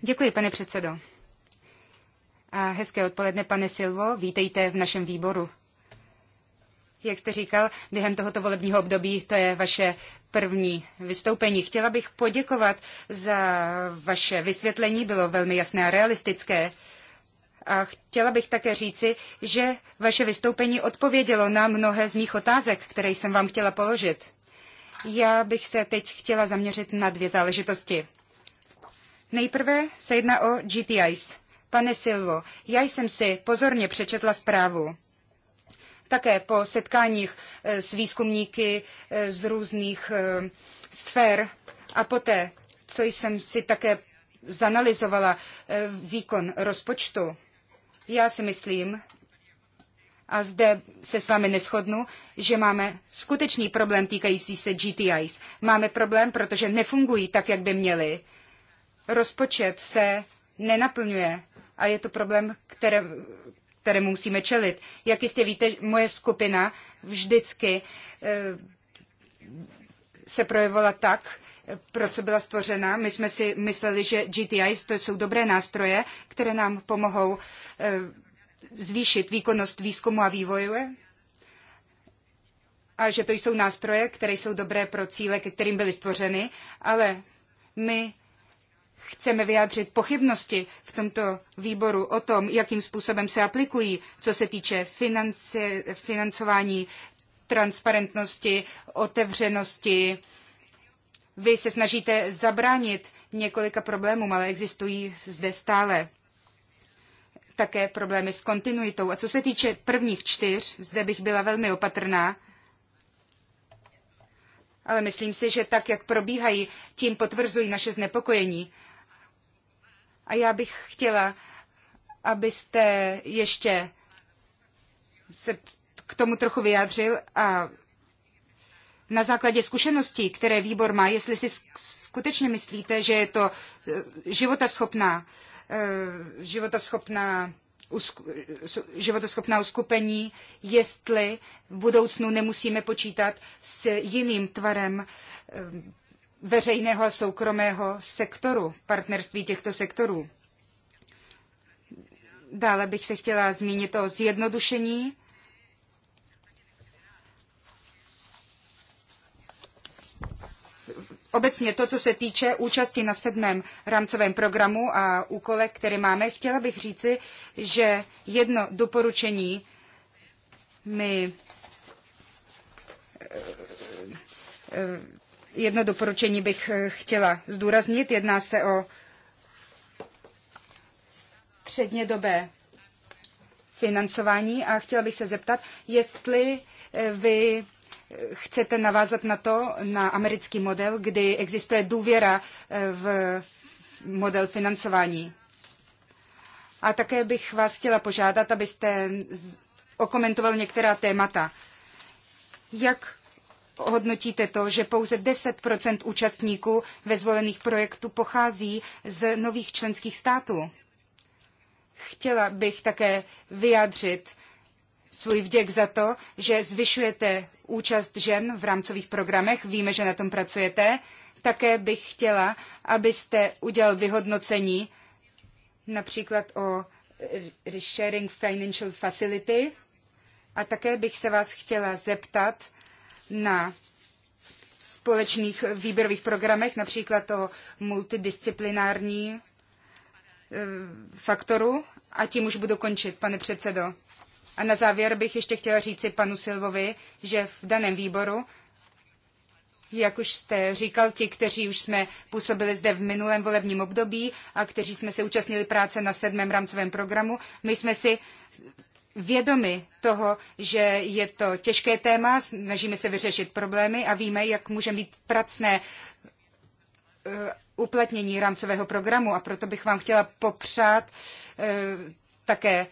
Děkuji, pane předsedo. A hezké odpoledne, pane Silvo, vítejte v našem výboru. Jak jste říkal, během tohoto volebního období to je vaše první vystoupení. Chtěla bych poděkovat za vaše vysvětlení, bylo velmi jasné a realistické. A chtěla bych také říci, že vaše vystoupení odpovědělo na mnohé z mých otázek, které jsem vám chtěla položit. Já bych se teď chtěla zaměřit na dvě záležitosti. Nejprve se jedná o GTIs. Pane Silvo, já jsem si pozorně přečetla zprávu. Také po setkáních eh, s výzkumníky eh, z různých eh, sfér a poté, co jsem si také zanalizovala výkon rozpočtu, já si myslím, a zde se s vámi neschodnu, že máme skutečný problém týkající se GTIs. Máme problém, protože nefungují tak, jak by měly. Rozpočet se nenaplňuje a je to problém, které, kterému musíme čelit. Jak jistě víte, moje skupina vždycky eh, se projevovala tak, pro co byla stvořena. My jsme si mysleli, že GTI to jsou dobré nástroje, které nám pomohou e, zvýšit výkonnost výzkumu a vývoje a že to jsou nástroje, které jsou dobré pro cíle, ke kterým byly stvořeny, ale my chceme vyjádřit pochybnosti v tomto výboru o tom, jakým způsobem se aplikují, co se týče finance, financování, transparentnosti, otevřenosti, vy se snažíte zabránit několika problémům, ale existují zde stále také problémy s kontinuitou. A co se týče prvních čtyř, zde bych byla velmi opatrná, ale myslím si, že tak, jak probíhají, tím potvrzují naše znepokojení. A já bych chtěla, abyste ještě se k tomu trochu vyjádřil a na základě zkušeností, které výbor má, jestli si skutečně myslíte, že je to eh, životaschopná, eh, životaschopná životoschopná uskupení, jestli v budoucnu nemusíme počítat s jiným tvarem eh, veřejného a soukromého sektoru, partnerství těchto sektorů. Dále bych se chtěla zmínit o zjednodušení Obecně to, co se týče účasti na sedmém rámcovém programu a úkolech, které máme, chtěla bych říci, že jedno doporučení mi eh, eh, jedno doporučení bych eh, chtěla zdůraznit. Jedná se o střednědobé financování a chtěla bych se zeptat, jestli vy chcete navázat na to, na americký model, kdy existuje důvěra eh, v model financování. A také bych vás chtěla požádat, abyste okomentoval některá témata. Jak hodnotíte to, že pouze 10 účastníků ve zvolených projektů pochází z nových členských států? Chtěla bych také vyjádřit svůj vděk za to, že zvyšujete účast žen v rámcových programech. Víme, že na tom pracujete. Také bych chtěla, abyste udělal vyhodnocení například o e, Sharing Financial Facility. A také bych se vás chtěla zeptat na společných výběrových programech, například o multidisciplinární e, faktoru. A tím už budu končit, pane předsedo. A na závěr bych ještě chtěla říci panu Silvovi, že v daném výboru, jak už jste říkal, ti, kteří už jsme působili zde v minulém volebním období a kteří jsme se účastnili práce na sedmém rámcovém programu, my jsme si vědomi toho, že je to těžké téma, snažíme se vyřešit problémy a víme, jak může mít pracné eh, uplatnění rámcového programu a proto bych vám chtěla popřát eh, také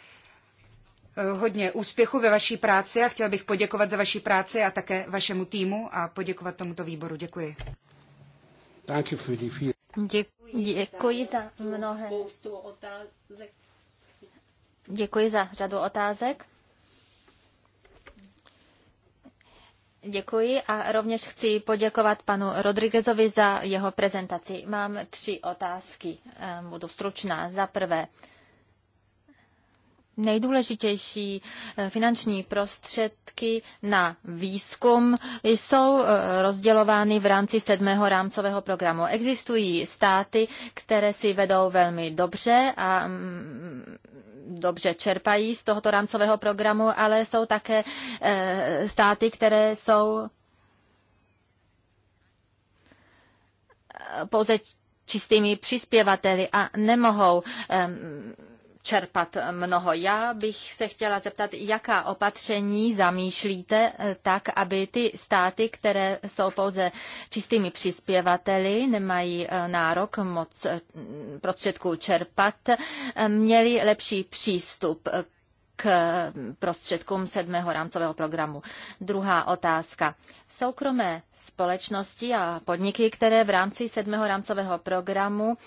hodně úspěchu ve vaší práci a chtěl bych poděkovat za vaši práci a také vašemu týmu a poděkovat tomuto výboru. Děkuji. Děkuji za mnohé. Děkuji za řadu otázek. Děkuji a rovněž chci poděkovat panu Rodriguezovi za jeho prezentaci. Mám tři otázky, ehm, budu stručná. Za prvé, nejdůležitější eh, finanční prostředky na výzkum jsou eh, rozdělovány v rámci sedmého rámcového programu. Existují státy, které si vedou velmi dobře a mm, dobře čerpají z tohoto rámcového programu, ale jsou také eh, státy, které jsou pouze čistými přispěvateli a nemohou čerpat mnoho. Já bych se chtěla zeptat, jaká opatření zamýšlíte eh, tak, aby ty státy, které jsou pouze čistými přispěvateli, nemají eh, nárok moc eh, prostředků čerpat, měly lepší přístup k prostředkům sedmého rámcového programu. Druhá otázka. Soukromé společnosti a podniky, které v rámci sedmého rámcového programu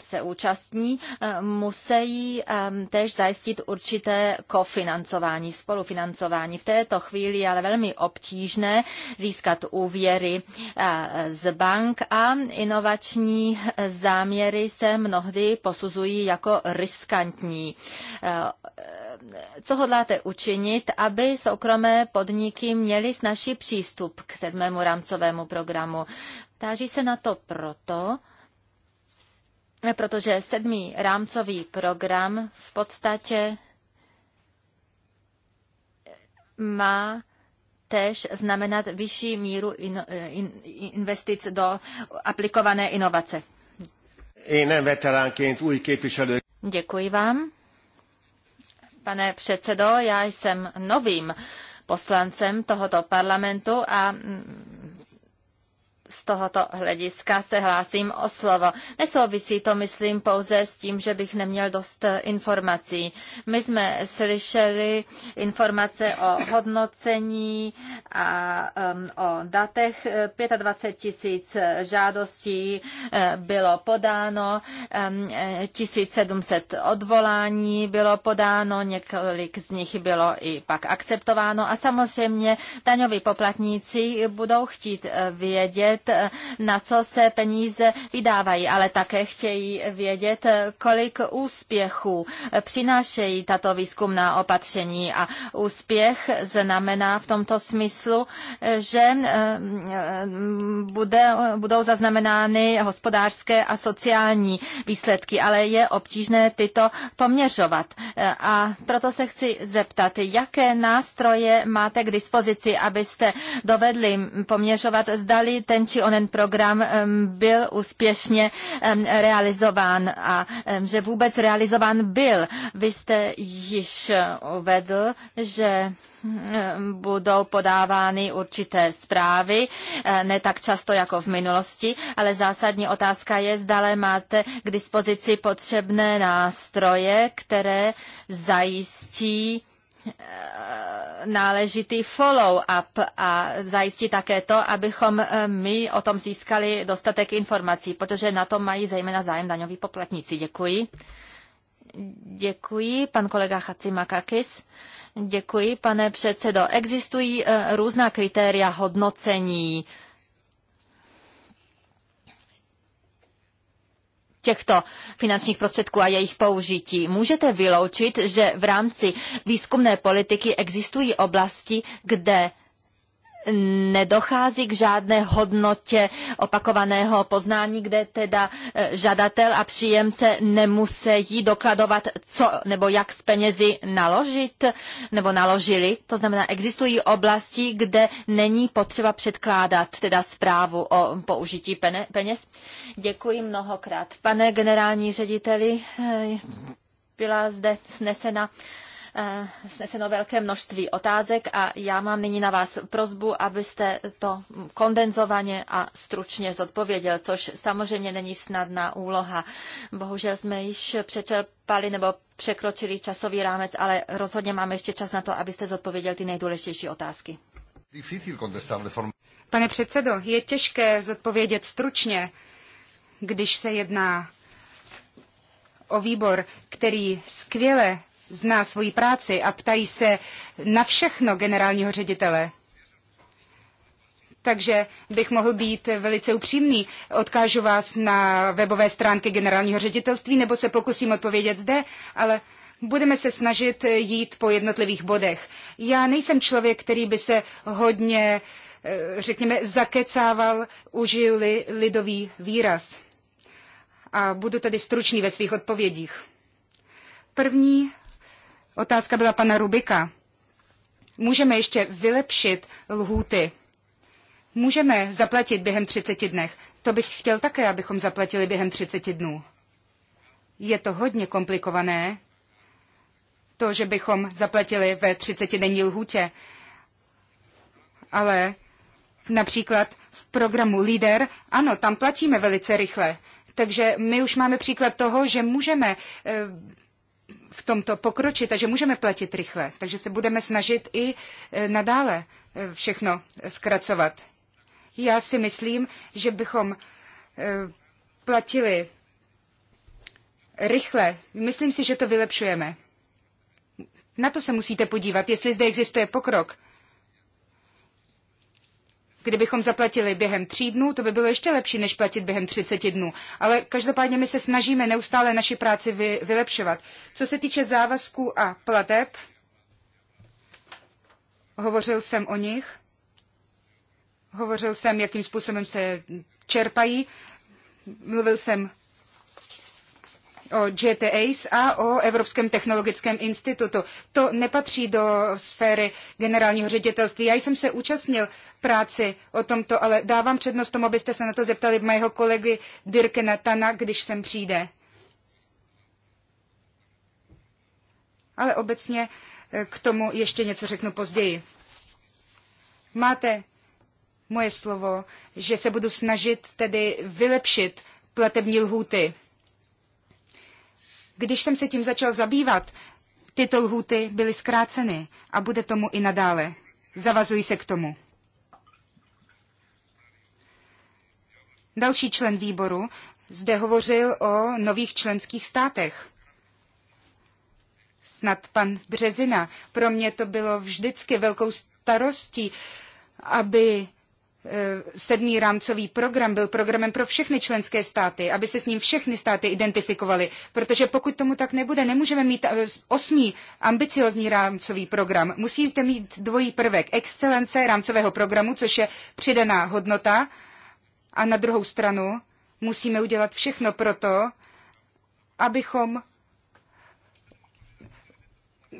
se účastní, musí též zajistit určité kofinancování, spolufinancování. V této chvíli je ale velmi obtížné získat úvěry e, z bank a inovační záměry se mnohdy posuzují jako riskantní. E, co hodláte učinit, aby soukromé podniky měly snažší přístup k sedmému rámcovému programu? Táží se na to proto, protože sedmý rámcový program v podstatě má tež znamenat vyšší míru in, in, investic do aplikované inovace. Děkuji vám. Pane předsedo, já jsem novým poslancem tohoto parlamentu a z tohoto hlediska se hlásím o slovo. Nesouvisí to, myslím, pouze s tím, že bych neměl dost eh, informací. My jsme slyšeli informace o hodnocení a um, o datech. 25 tisíc eh, žádostí eh, bylo podáno, 1700 odvolání bylo podáno, několik z nich bylo i pak akceptováno a samozřejmě daňoví poplatníci budou chtít vědět, vědět, eh, na co se peníze vydávají, ale také chtějí vědět, eh, kolik úspěchů eh, přinášejí tato výzkumná opatření. A úspěch znamená v tomto smyslu, že mm, bude, budou zaznamenány hospodářské a sociální výsledky, ale je obtížné tyto poměřovat. A proto se chci zeptat, jaké nástroje máte k dispozici, abyste dovedli poměřovat, zdali ten či onen program byl úspěšně realizován a že vůbec realizován byl. Vy jste již uvedl, že budou podávány určité zprávy, e, ne tak často jako v minulosti, ale zásadní otázka je, zdale máte k dispozici potřebné nástroje, které zajistí Eh, náležitý follow-up a zajistit také to, abychom eh, my o tom získali dostatek informací, protože na to mají zejména zájem daňoví poplatníci. Děkuji. Děkuji, pan kolega Chacimakakis. Děkuji, pane předsedo. Existují eh, různá kritéria hodnocení těchto finančních prostředků a jejich použití. Můžete vyloučit, že v rámci výzkumné politiky existují oblasti, kde nedochází k žádné hodnotě opakovaného poznání, kde teda e, žadatel a příjemce nemusí dokladovat, co nebo jak s penězi naložit nebo naložili. To znamená, existují oblasti, kde není potřeba předkládat teda zprávu o použití peněz. Děkuji mnohokrát. Pane generální řediteli, e, byla zde snesena sneseno eh, velké množství otázek a já mám nyní na vás prozbu, abyste to kondenzovaně a stručně zodpověděl, což samozřejmě není snadná úloha. Bohužel jsme již přečerpali nebo překročili časový rámec, ale rozhodně máme ještě čas na to, abyste zodpověděl ty nejdůležitější otázky. Pane předsedo, je těžké zodpovědět stručně, když se jedná o výbor, který skvěle zná svoji práci a ptají se na všechno generálního ředitele. Takže bych mohl být velice upřímný. Odkážu vás na webové stránky generálního ředitelství nebo se pokusím odpovědět zde, ale budeme se snažit jít po jednotlivých bodech. Já nejsem člověk, který by se hodně, eh, řekněme, zakecával, užili lidový výraz. A budu tedy stručný ve svých odpovědích. První Otázka byla pana Rubika. Můžeme ještě vylepšit lhůty. Můžeme zaplatit během 30 dnech. To bych chtěl také, abychom zaplatili během 30 dnů. Je to hodně komplikované, to, že bychom zaplatili ve 30-denní lhůtě. Ale například v programu LEADER, ano, tam platíme velice rychle. Takže my už máme příklad toho, že můžeme eh, v tomto pokročit, takže můžeme platit rychle. Takže se budeme snažit i e, nadále e, všechno zkracovat. Já si myslím, že bychom e, platili rychle. Myslím si, že to vylepšujeme. Na to se musíte podívat, jestli zde existuje pokrok. Kdybychom zaplatili během tří dnů, to by bylo ještě lepší, než platit během 30 dnů. Ale každopádně my se snažíme neustále naši práci vy, vylepšovat. Co se týče závazků a plateb, hovořil jsem o nich, hovořil jsem, jakým způsobem se čerpají, mluvil jsem o GTAs a o Evropském technologickém institutu. To nepatří do sféry generálního ředitelství. Já jsem se účastnil práci o tomto, ale dávám přednost tomu, abyste se na to zeptali mého kolegy Dirke Natana, když sem přijde. Ale obecně eh, k tomu ještě něco řeknu později. Máte moje slovo, že se budu snažit tedy vylepšit platební lhůty. Když jsem se tím začal zabývat, tyto lhůty byly zkráceny a bude tomu i nadále. Zavazuji se k tomu. Další člen výboru zde hovořil o nových členských státech. Snad pan Březina. Pro mě to bylo vždycky velkou starostí, aby e, sedmý rámcový program byl programem pro všechny členské státy, aby se s ním všechny státy identifikovaly, protože pokud tomu tak nebude, nemůžeme mít e, osmý ambiciozní rámcový program. Musí zde mít dvojí prvek excelence rámcového programu, což je přidaná hodnota a na druhou stranu musíme udělat všechno proto, abychom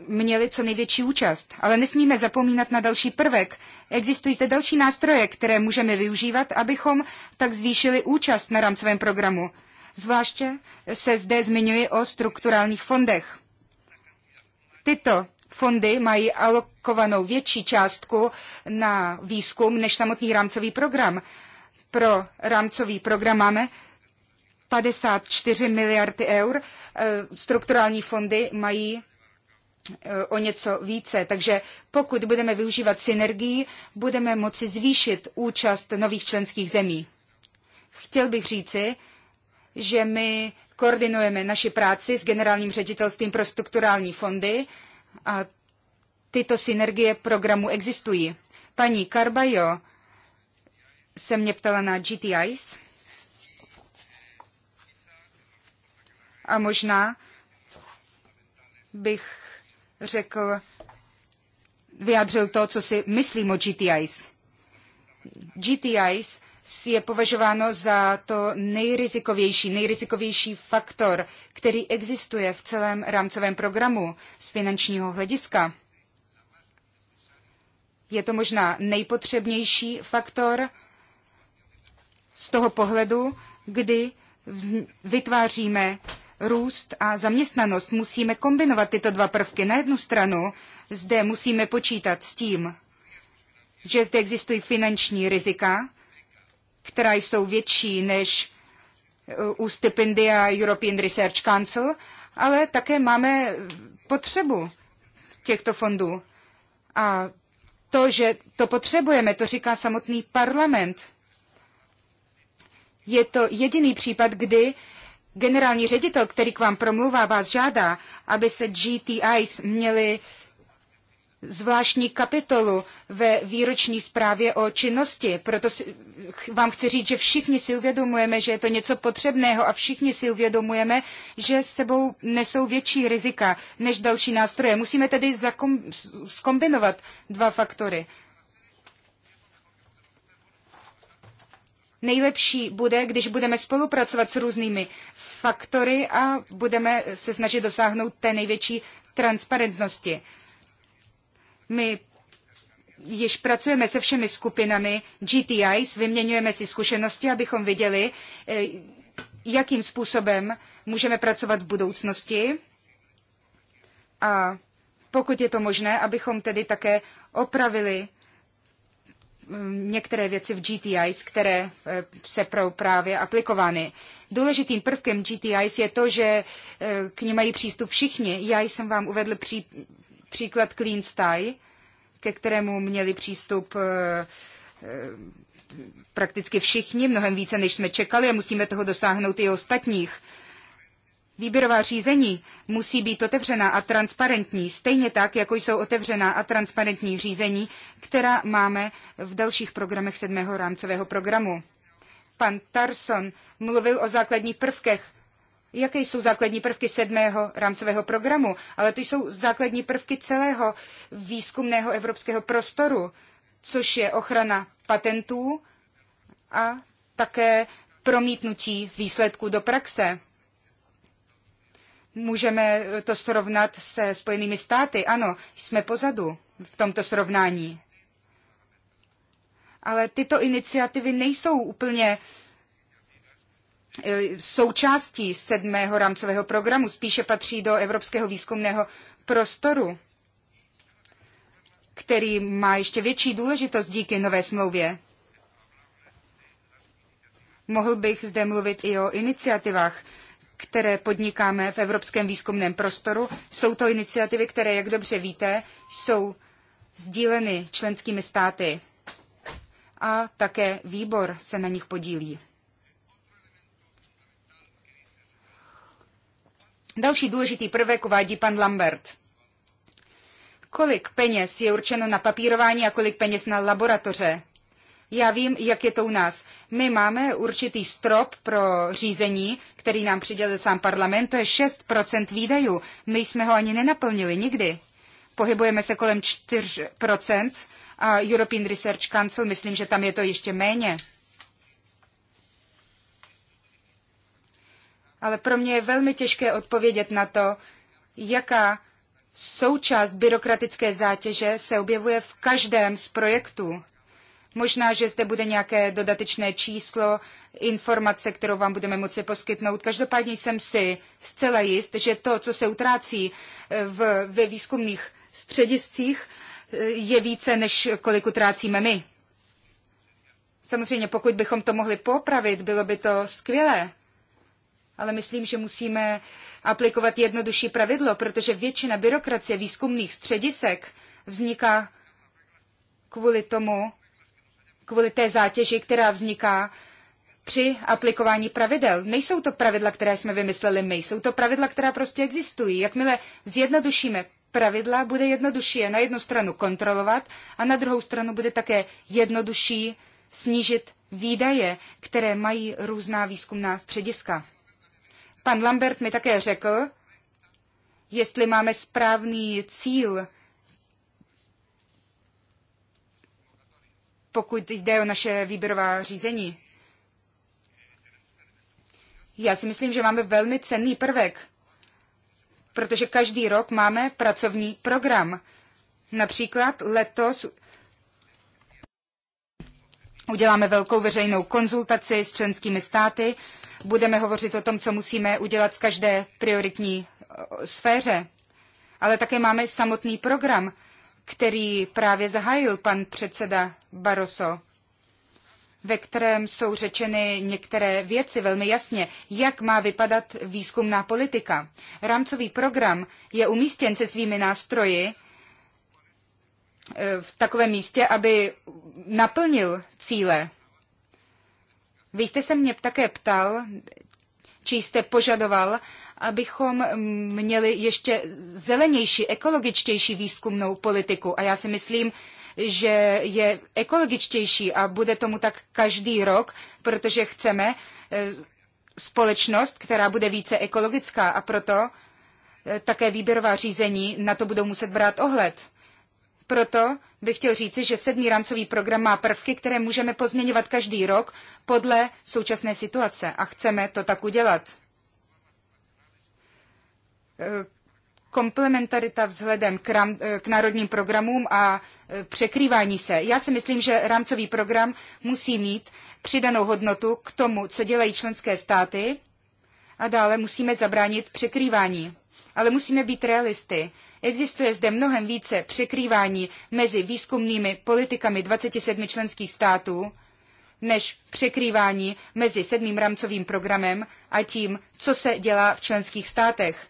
měli co největší účast. Ale nesmíme zapomínat na další prvek. Existují zde další nástroje, které můžeme využívat, abychom tak zvýšili účast na rámcovém programu. Zvláště se zde zmiňuji o strukturálních fondech. Tyto fondy mají alokovanou větší částku na výzkum než samotný rámcový program pro rámcový program máme 54 miliardy eur, e, strukturální fondy mají e, o něco více. Takže pokud budeme využívat synergii, budeme moci zvýšit účast nových členských zemí. Chtěl bych říci, že my koordinujeme naši práci s Generálním ředitelstvím pro strukturální fondy a tyto synergie programu existují. Paní Carbajo se mě ptala na GTIs a možná bych řekl, vyjádřil to, co si myslím o GTIs. GTIs je považováno za to nejrizikovější, nejrizikovější faktor, který existuje v celém rámcovém programu z finančního hlediska. Je to možná nejpotřebnější faktor, z toho pohledu, kdy vytváříme růst a zaměstnanost. Musíme kombinovat tyto dva prvky. Na jednu stranu zde musíme počítat s tím, že zde existují finanční rizika, která jsou větší než uh, u stipendia European Research Council, ale také máme potřebu těchto fondů. A to, že to potřebujeme, to říká samotný parlament je to jediný případ, kdy generální ředitel, který k vám promluvá, vás žádá, aby se GTIs měli zvláštní kapitolu ve výroční zprávě o činnosti. Proto si, vám chci říct, že všichni si uvědomujeme, že je to něco potřebného a všichni si uvědomujeme, že s sebou nesou větší rizika než další nástroje. Musíme tedy zakom, skombinovat dva faktory. Nejlepší bude, když budeme spolupracovat s různými faktory a budeme se snažit dosáhnout té největší transparentnosti. My již pracujeme se všemi skupinami GTI, vyměňujeme si zkušenosti, abychom viděli, eh, jakým způsobem můžeme pracovat v budoucnosti a pokud je to možné, abychom tedy také opravili Mm, některé věci v GTIs, které eh, se pro právě aplikovány. Důležitým prvkem GTIs je to, že eh, k ní mají přístup všichni. Já jsem vám uvedl pří, příklad Clean Style, ke kterému měli přístup eh, prakticky všichni, mnohem více, než jsme čekali a musíme toho dosáhnout i ostatních výběrová řízení musí být otevřená a transparentní, stejně tak, jako jsou otevřená a transparentní řízení, která máme v dalších programech sedmého rámcového programu. Pan Tarson mluvil o základních prvkech jaké jsou základní prvky sedmého rámcového programu, ale to jsou základní prvky celého výzkumného evropského prostoru, což je ochrana patentů a také promítnutí výsledků do praxe. Můžeme to srovnat se Spojenými státy. Ano, jsme pozadu v tomto srovnání. Ale tyto iniciativy nejsou úplně e, součástí sedmého rámcového programu, spíše patří do Evropského výzkumného prostoru, který má ještě větší důležitost díky nové smlouvě. Mohl bych zde mluvit i o iniciativách, které podnikáme v evropském výzkumném prostoru. Jsou to iniciativy, které, jak dobře víte, jsou sdíleny členskými státy a také výbor se na nich podílí. Další důležitý prvek uvádí pan Lambert. Kolik peněz je určeno na papírování a kolik peněz na laboratoře? Já vím, jak je to u nás. My máme určitý strop pro řízení, který nám přidělil sám parlament, to je 6% výdajů. My jsme ho ani nenaplnili nikdy. Pohybujeme se kolem 4% a European Research Council, myslím, že tam je to ještě méně. Ale pro mě je velmi těžké odpovědět na to, jaká součást byrokratické zátěže se objevuje v každém z projektů. Možná, že zde bude nějaké dodatečné číslo, informace, kterou vám budeme moci poskytnout. Každopádně jsem si zcela jist, že to, co se utrácí eh, v, ve výzkumných střediscích, eh, je více, než kolik utrácíme my. Samozřejmě, pokud bychom to mohli popravit, bylo by to skvělé. Ale myslím, že musíme aplikovat jednodušší pravidlo, protože většina byrokracie výzkumných středisek vzniká kvůli tomu, kvůli té zátěži, která vzniká při aplikování pravidel. Nejsou to pravidla, které jsme vymysleli my, jsou to pravidla, která prostě existují. Jakmile zjednodušíme pravidla, bude jednodušší je na jednu stranu kontrolovat a na druhou stranu bude také jednodušší snížit výdaje, které mají různá výzkumná střediska. Pan Lambert mi také řekl, jestli máme správný cíl pokud jde o naše výběrová řízení. Já si myslím, že máme velmi cenný prvek, protože každý rok máme pracovní program. Například letos uděláme velkou veřejnou konzultaci s členskými státy, budeme hovořit o tom, co musíme udělat v každé prioritní sféře. Ale také máme samotný program, který právě zahájil pan předseda Barroso, ve kterém jsou řečeny některé věci velmi jasně, jak má vypadat výzkumná politika. Rámcový program je umístěn se svými nástroji eh, v takovém místě, aby naplnil cíle. Vy jste se mě také ptal, či jste požadoval, abychom měli ještě zelenější, ekologičtější výzkumnou politiku. A já si myslím, že je ekologičtější a bude tomu tak každý rok, protože chceme eh, společnost, která bude více ekologická a proto eh, také výběrová řízení na to budou muset brát ohled. Proto bych chtěl říci, že sedmý rámcový program má prvky, které můžeme pozměňovat každý rok podle současné situace a chceme to tak udělat komplementarita vzhledem k, ram, eh, k národním programům a eh, překrývání se. Já si myslím, že rámcový program musí mít přidanou hodnotu k tomu, co dělají členské státy a dále musíme zabránit překrývání. Ale musíme být realisty. Existuje zde mnohem více překrývání mezi výzkumnými politikami 27 členských států než překrývání mezi sedmým rámcovým programem a tím, co se dělá v členských státech.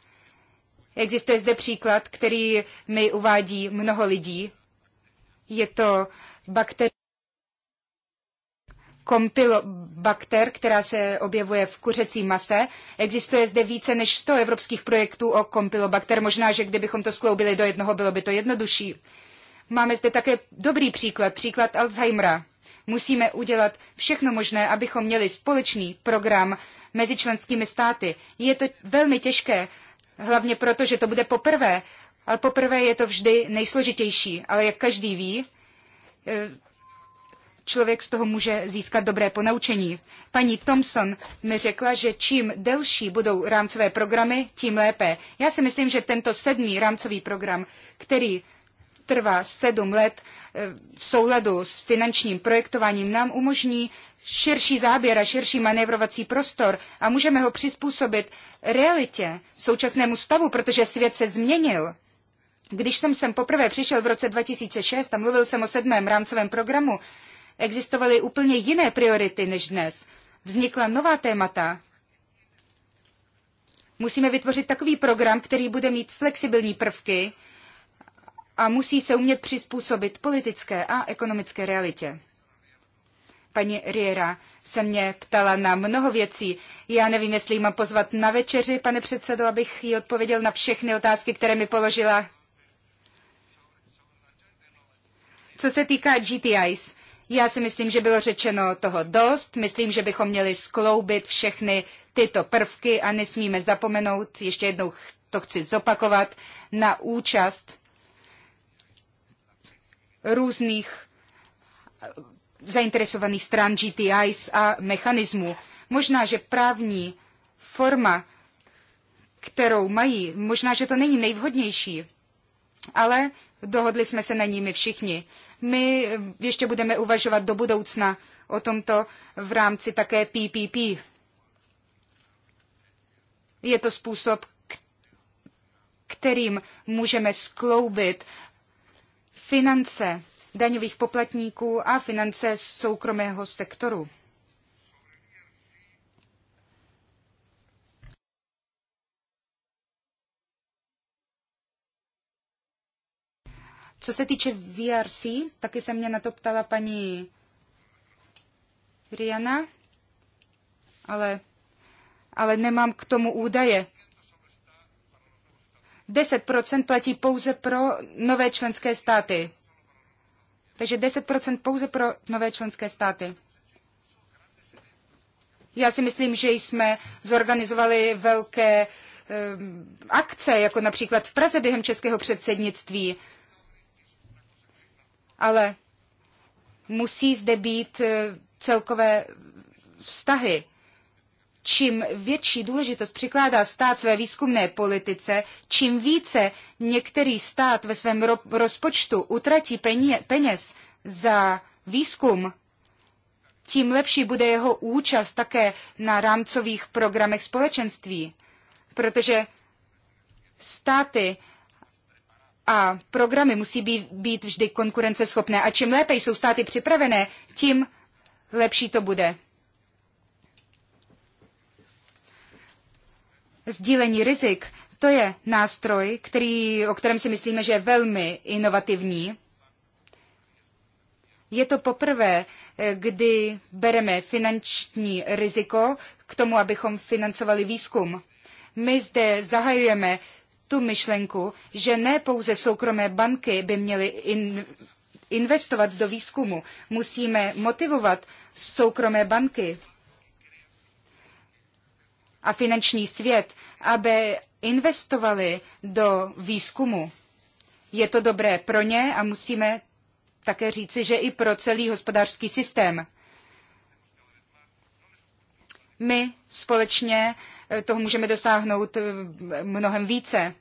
Existuje zde příklad, který mi uvádí mnoho lidí. Je to bakter, kompilobakter, která se objevuje v kuřecí mase. Existuje zde více než 100 evropských projektů o kompilobakter. Možná, že kdybychom to skloubili do jednoho, bylo by to jednodušší. Máme zde také dobrý příklad, příklad Alzheimera. Musíme udělat všechno možné, abychom měli společný program mezi členskými státy. Je to velmi těžké, hlavně proto, že to bude poprvé. Ale poprvé je to vždy nejsložitější, ale jak každý ví, e, člověk z toho může získat dobré ponaučení. Paní Thompson mi řekla, že čím delší budou rámcové programy, tím lépe. Já si myslím, že tento sedmý rámcový program, který trvá sedm let e, v souladu s finančním projektováním, nám umožní širší záběr a širší manévrovací prostor a můžeme ho přizpůsobit realitě, současnému stavu, protože svět se změnil. Když jsem sem poprvé přišel v roce 2006 a mluvil jsem o sedmém rámcovém programu, existovaly úplně jiné priority než dnes. Vznikla nová témata. Musíme vytvořit takový program, který bude mít flexibilní prvky a musí se umět přizpůsobit politické a ekonomické realitě. Paní Riera se mě ptala na mnoho věcí. Já nevím, jestli ji mám pozvat na večeři, pane předsedo, abych ji odpověděl na všechny otázky, které mi položila. Co se týká GTIs, já si myslím, že bylo řečeno toho dost. Myslím, že bychom měli skloubit všechny tyto prvky a nesmíme zapomenout, ještě jednou to chci zopakovat, na účast různých zainteresovaných stran GTIs a mechanismů. Možná, že právní forma, kterou mají, možná, že to není nejvhodnější, ale dohodli jsme se na ní my všichni. My ještě budeme uvažovat do budoucna o tomto v rámci také PPP. Je to způsob, kterým můžeme skloubit finance daňových poplatníků a finance soukromého sektoru. Co se týče VRC, taky se mě na to ptala paní Riana, ale, ale nemám k tomu údaje. 10% platí pouze pro nové členské státy. Takže 10% pouze pro nové členské státy. Já si myslím, že jsme zorganizovali velké eh, akce, jako například v Praze během českého předsednictví. Ale musí zde být eh, celkové vztahy čím větší důležitost přikládá stát své výzkumné politice, čím více některý stát ve svém rozpočtu utratí peněz za výzkum, tím lepší bude jeho účast také na rámcových programech společenství, protože státy a programy musí být, být vždy konkurenceschopné a čím lépe jsou státy připravené, tím lepší to bude. sdílení rizik, to je nástroj, který, o kterém si myslíme, že je velmi inovativní. Je to poprvé, eh, kdy bereme finanční riziko k tomu, abychom financovali výzkum. My zde zahajujeme tu myšlenku, že ne pouze soukromé banky by měly in, investovat do výzkumu. Musíme motivovat soukromé banky a finanční svět, aby investovali do výzkumu. Je to dobré pro ně a musíme také říci, že i pro celý hospodářský systém. My společně eh, toho můžeme dosáhnout eh, mnohem více.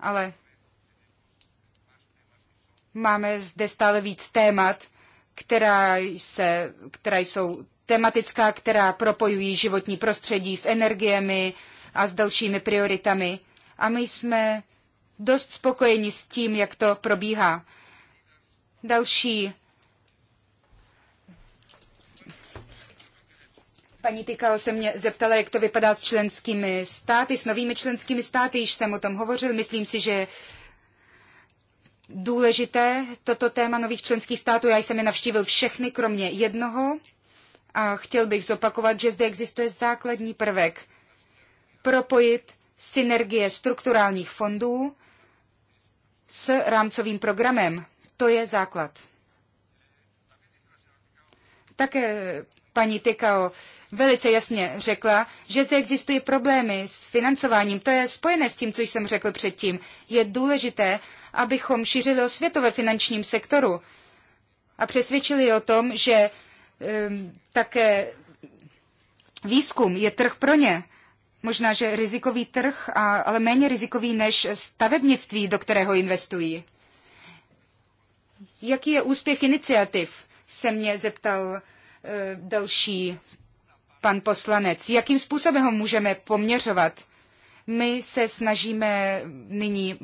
Ale máme zde stále víc témat, která, se, která jsou tematická, která propojují životní prostředí s energiemi a s dalšími prioritami. A my jsme dost spokojeni s tím, jak to probíhá. Další Paní Tykao se mě zeptala, jak to vypadá s členskými státy, s novými členskými státy, již jsem o tom hovořil. Myslím si, že důležité toto téma nových členských států. Já jsem je navštívil všechny, kromě jednoho. A chtěl bych zopakovat, že zde existuje základní prvek propojit synergie strukturálních fondů s rámcovým programem. To je základ. Také paní Tykao velice jasně řekla, že zde existují problémy s financováním. To je spojené s tím, co jsem řekl předtím. Je důležité, abychom šířili osvětu ve finančním sektoru a přesvědčili o tom, že Ehm, také výzkum je trh pro ně. Možná, že rizikový trh, ale méně rizikový než stavebnictví, do kterého investují. Jaký je úspěch iniciativ? Se mě zeptal e, další pan poslanec. Jakým způsobem ho můžeme poměřovat? My se snažíme nyní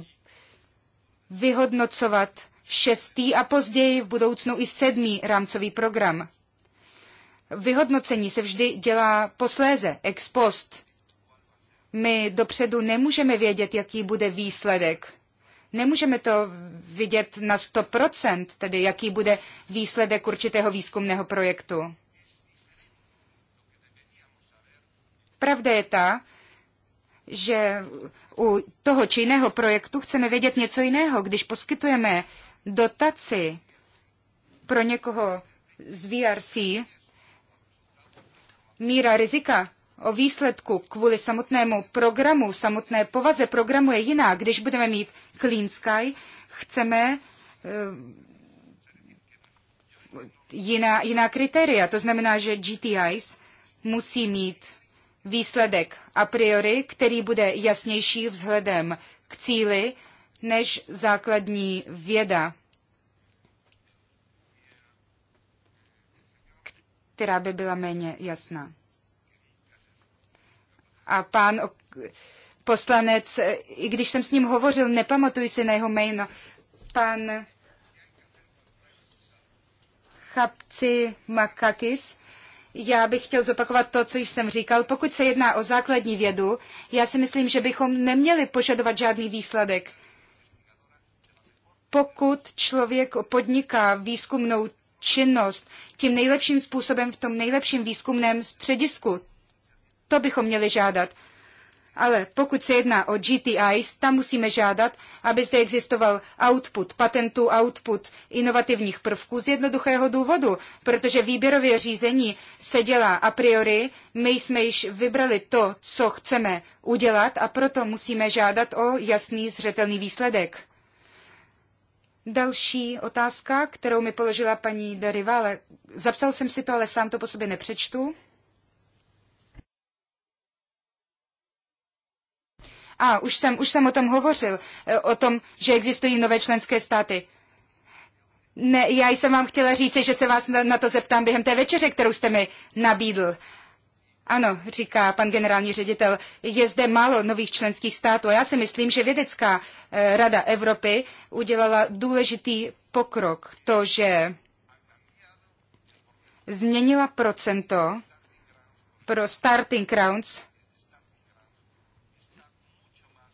vyhodnocovat šestý a později v budoucnu i sedmý rámcový program. Vyhodnocení se vždy dělá posléze, ex post. My dopředu nemůžeme vědět, jaký bude výsledek. Nemůžeme to vidět na 100%, tedy jaký bude výsledek určitého výzkumného projektu. Pravda je ta, že u toho či jiného projektu chceme vědět něco jiného. Když poskytujeme dotaci pro někoho z VRC, míra rizika o výsledku kvůli samotnému programu, samotné povaze programu je jiná. Když budeme mít Clean Sky, chceme eh, jiná, jiná kritéria. To znamená, že GTIs musí mít výsledek a priori, který bude jasnější vzhledem k cíli než základní věda. která by byla méně jasná. A pán poslanec, i když jsem s ním hovořil, nepamatuji si na jeho jméno, pan Chapci Makakis, já bych chtěl zopakovat to, co již jsem říkal. Pokud se jedná o základní vědu, já si myslím, že bychom neměli požadovat žádný výsledek. Pokud člověk podniká výzkumnou činnost tím nejlepším způsobem v tom nejlepším výzkumném středisku. To bychom měli žádat. Ale pokud se jedná o GTIs, tam musíme žádat, aby zde existoval output patentů, output inovativních prvků z jednoduchého důvodu, protože výběrové řízení se dělá a priori, my jsme již vybrali to, co chceme udělat a proto musíme žádat o jasný zřetelný výsledek. Další otázka, kterou mi položila paní Deriva, ale zapsal jsem si to, ale sám to po sobě nepřečtu. A už jsem, už jsem o tom hovořil, e, o tom, že existují nové členské státy. Ne, já jsem vám chtěla říct, že se vás na, na to zeptám během té večeře, kterou jste mi nabídl. Ano, říká pan generální ředitel, je zde málo nových členských států a já si myslím, že Vědecká eh, rada Evropy udělala důležitý pokrok, to, že změnila procento pro starting rounds,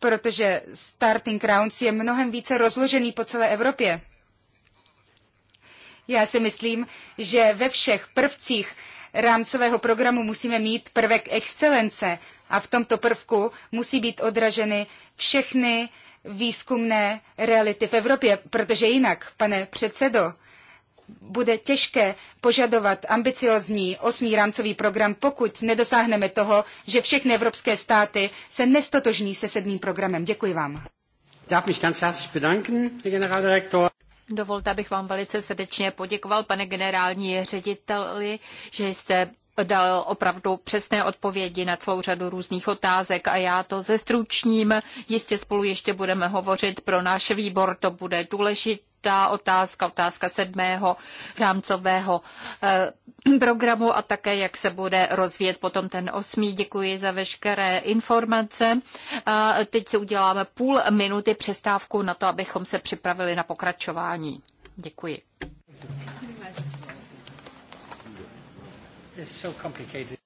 protože starting rounds je mnohem více rozložený po celé Evropě. Já si myslím, že ve všech prvcích rámcového programu musíme mít prvek excelence a v tomto prvku musí být odraženy všechny výzkumné reality v Evropě, protože jinak, pane předsedo, bude těžké požadovat ambiciozní osmý rámcový program, pokud nedosáhneme toho, že všechny evropské státy se nestotožní se sedmým programem. Děkuji vám. Darf mich ganz herzlich bedanken, Herr Generaldirektor. Dovolte, abych vám velice srdečně poděkoval, pane generální řediteli, že jste dal opravdu přesné odpovědi na celou řadu různých otázek a já to zestručním. Jistě spolu ještě budeme hovořit. Pro náš výbor to bude důležité důležitá otázka, otázka sedmého rámcového eh, programu a také, jak se bude rozvíjet potom ten osmý. Děkuji za veškeré informace. Teď si uděláme půl minuty přestávku na to, abychom se připravili na pokračování. Děkuji. It's so complicated.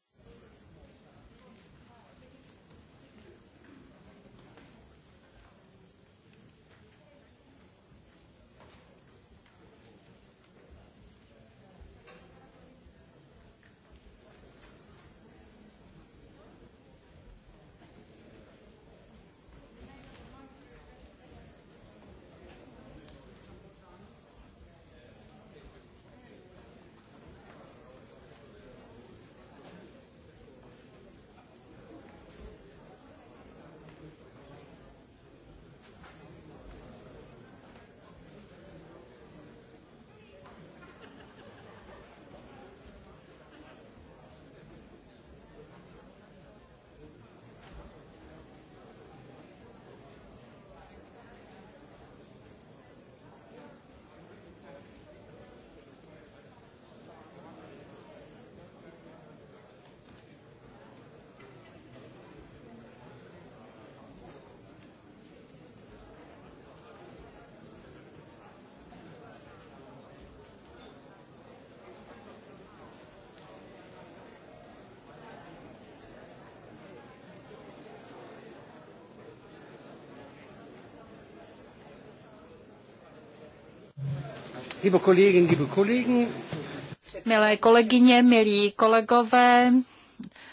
Milé kolegyně, milí kolegové,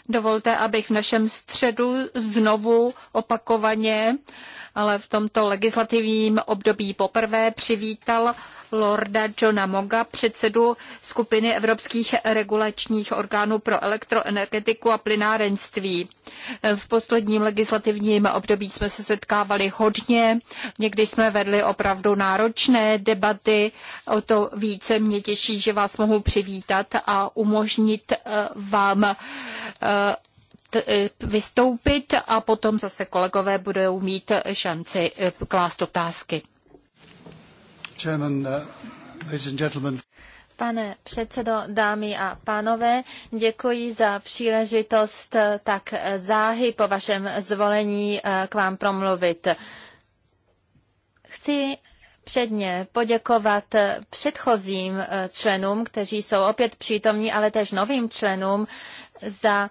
dovolte, abych v našem středu znovu opakovaně, ale v tomto legislativním období poprvé přivítal Lorda Johna Moga, předsedu skupiny evropských regulačních orgánů pro elektroenergetiku a plynárenství. V posledním legislativním období jsme se setkávali hodně, někdy jsme vedli opravdu náročné debaty, o to více mě těší, že vás mohu přivítat a umožnit eh, vám eh, eh, vystoupit a potom zase kolegové budou mít šanci klást otázky. Uh, Pane předsedo, dámy a pánové, děkuji za příležitost eh, tak eh, záhy po vašem zvolení eh, k vám promluvit. Chci předně poděkovat předchozím členům, kteří jsou opět přítomní, ale též novým členům za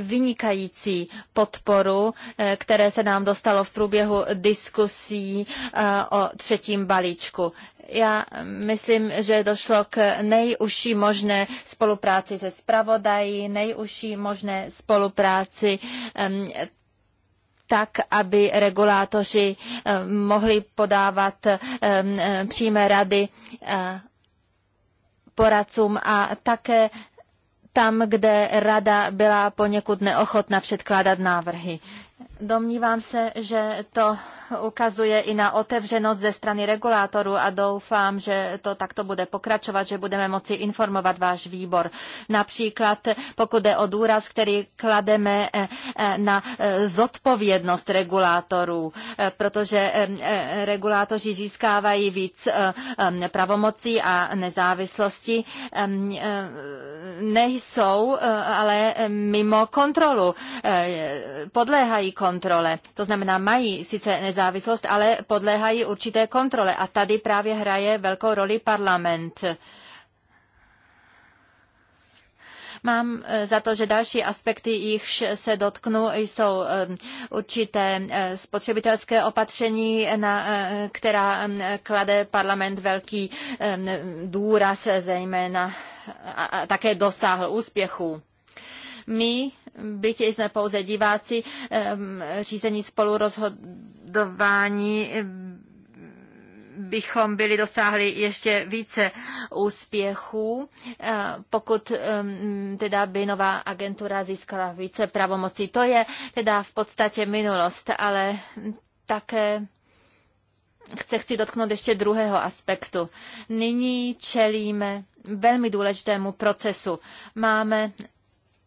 vynikající podporu, eh, které se nám dostalo v průběhu diskusí eh, o třetím balíčku. Já myslím, že došlo k nejužší možné spolupráci se spravodají, nejužší možné spolupráci tak, aby regulátoři eh, mohli podávat přímé rady poradcům a také tam, kde rada byla poněkud neochotna předkládat návrhy. Domnívám se, že to ukazuje i na otevřenost ze strany regulátorů a doufám, že to takto bude pokračovat, že budeme moci informovat váš výbor. Například pokud je o důraz, který klademe eh, eh, na eh, zodpovědnost regulátorů, protože regulátoři získávají víc pravomocí a nezávislosti, ehm, nejsou ale mimo kontrolu, podléhají kontrole, to znamená mají sice nezávislost, nezávislost, ale podléhají určité kontrole. A tady právě hraje velkou roli parlament. Mám eh, za to, že další aspekty, jichž se dotknu, jsou eh, určité eh, spotřebitelské opatření, na která mm, klade parlament velký mm, důraz zejména a také dosáhl úspěchu. My, byť jsme pouze diváci, mm, řízení spolu rozhodnutí rozhodování bychom byli dosáhli ještě více úspěchů, eh, pokud mm, teda by nová agentura získala více pravomocí. To je teda v podstatě minulost, ale také se chci dotknout ještě druhého aspektu. Nyní čelíme velmi důležitému procesu. Máme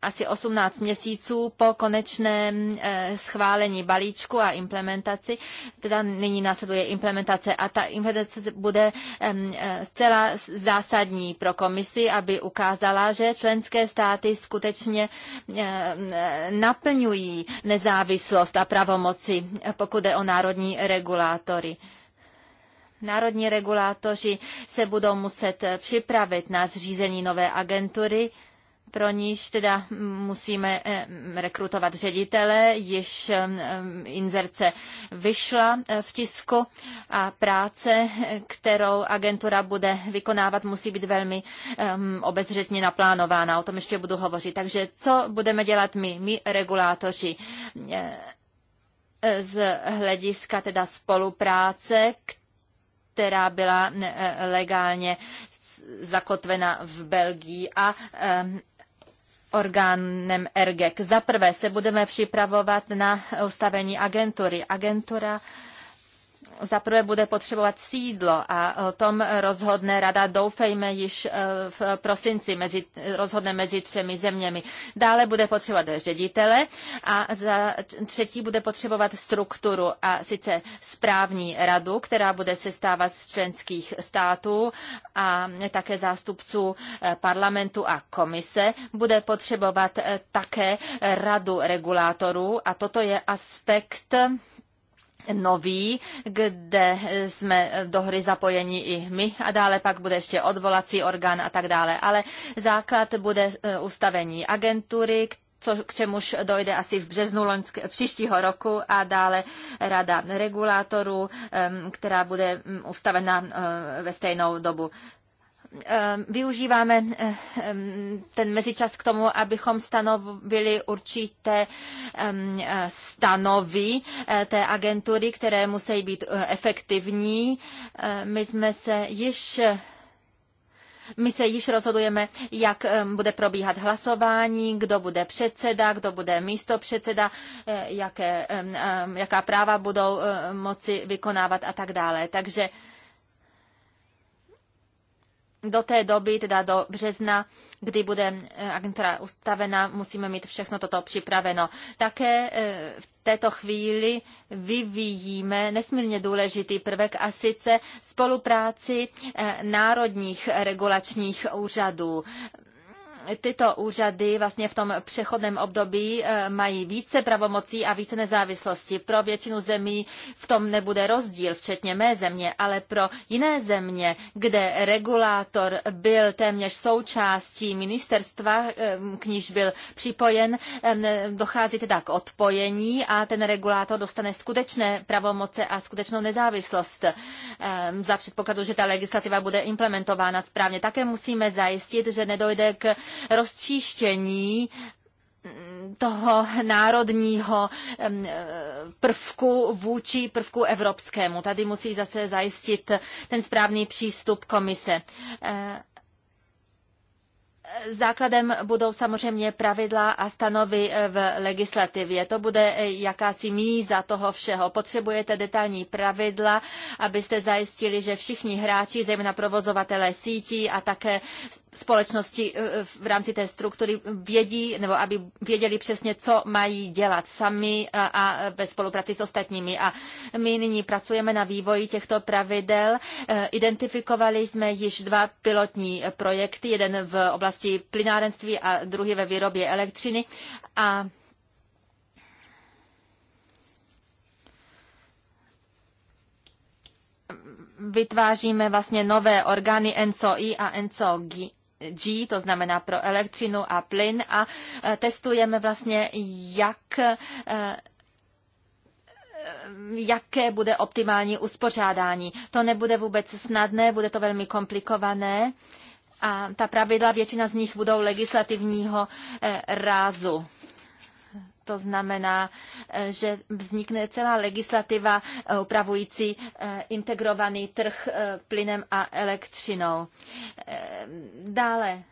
asi 18 měsíců po konečném eh, schválení balíčku a implementaci. Teda nyní následuje implementace a ta implementace bude eh, zcela zásadní pro komisi, aby ukázala, že členské státy skutečně eh, naplňují nezávislost a pravomoci, pokud je o národní regulátory. Národní regulátoři se budou muset připravit na zřízení nové agentury, pro níž teda musíme eh, rekrutovat ředitele, již eh, inzerce vyšla eh, v tisku a práce, kterou agentura bude vykonávat, musí být velmi obezřetně naplánována. O tom ještě budu hovořit. Takže co budeme dělat my, my regulátoři? z hlediska teda spolupráce, která byla legálně zakotvena v Belgii a orgánem RGEC. Za prvé se budeme připravovat na ustavení agentury. Agentura zaprvé bude potřebovat sídlo a o tom rozhodne rada, doufejme, již e, v prosinci mezi, rozhodne mezi třemi zeměmi. Dále bude potřebovat ředitele a za třetí bude potřebovat strukturu a sice správní radu, která bude sestávat z členských států a také zástupců e, parlamentu a komise. Bude potřebovat e, také radu regulátorů a toto je aspekt nový, kde jsme do hry zapojeni i my a dále pak bude ještě odvolací orgán a tak dále. Ale základ bude e, ustavení agentury, co, k čemuž dojde asi v březnu loňsk, příštího roku a dále rada regulátorů, která bude mm, ustavena e, ve stejnou dobu. Ehm, využíváme ehm, ten mezičas k tomu, abychom stanovili určité ehm, stanovy eh, té agentury, které musí být eh, efektivní. My jsme se již my se již rozhodujeme, jak bude probíhat hlasování, kdo bude předseda, kdo bude místo předseda, eh, jaké, jaká práva budou moci vykonávat a tak dále. Takže do té doby, teda do března, kdy bude eh, agentura ustavena, musíme mít všechno toto připraveno. Také eh, v této chvíli vyvíjíme nesmírně důležitý prvek a sice spolupráci eh, národních regulačních úřadů tyto úřady vlastně v tom přechodném období eh, mají více pravomocí a více nezávislosti. Pro většinu zemí v tom nebude rozdíl, včetně mé země, ale pro jiné země, kde regulátor byl téměř součástí ministerstva, eh, k níž byl připojen, dochází teda k odpojení a ten regulátor dostane skutečné pravomoce a skutečnou nezávislost za předpokladu, že ta legislativa bude implementována správně. Také musíme zajistit, že nedojde k rozčištění toho národního eh, prvku vůči prvku evropskému. Tady musí zase zajistit ten správný přístup komise. Eh, základem budou samozřejmě pravidla a stanovy eh, v legislativě. To bude jakási míza toho všeho. Potřebujete detailní pravidla, abyste zajistili, že všichni hráči, zejména provozovatele sítí a také společnosti eh, eh, v rámci té struktury vědí, nebo aby věděli přesně, co mají dělat sami a ve spolupráci s ostatními. A my nyní pracujeme na vývoji těchto pravidel. Eh, identifikovali jsme již dva pilotní projekty, jeden v oblasti plynárenství a druhý ve výrobě elektřiny. A vytváříme vlastně nové orgány NCOI a NCOGI. G, to znamená pro elektřinu a plyn a e, testujeme vlastně, jak e, e, jaké bude optimální uspořádání. To nebude vůbec snadné, bude to velmi komplikované a ta pravidla, většina z nich budou legislativního rázu to znamená, eh, že vznikne celá legislativa eh, upravující eh, integrovaný trh plynem a elektřinou. Dále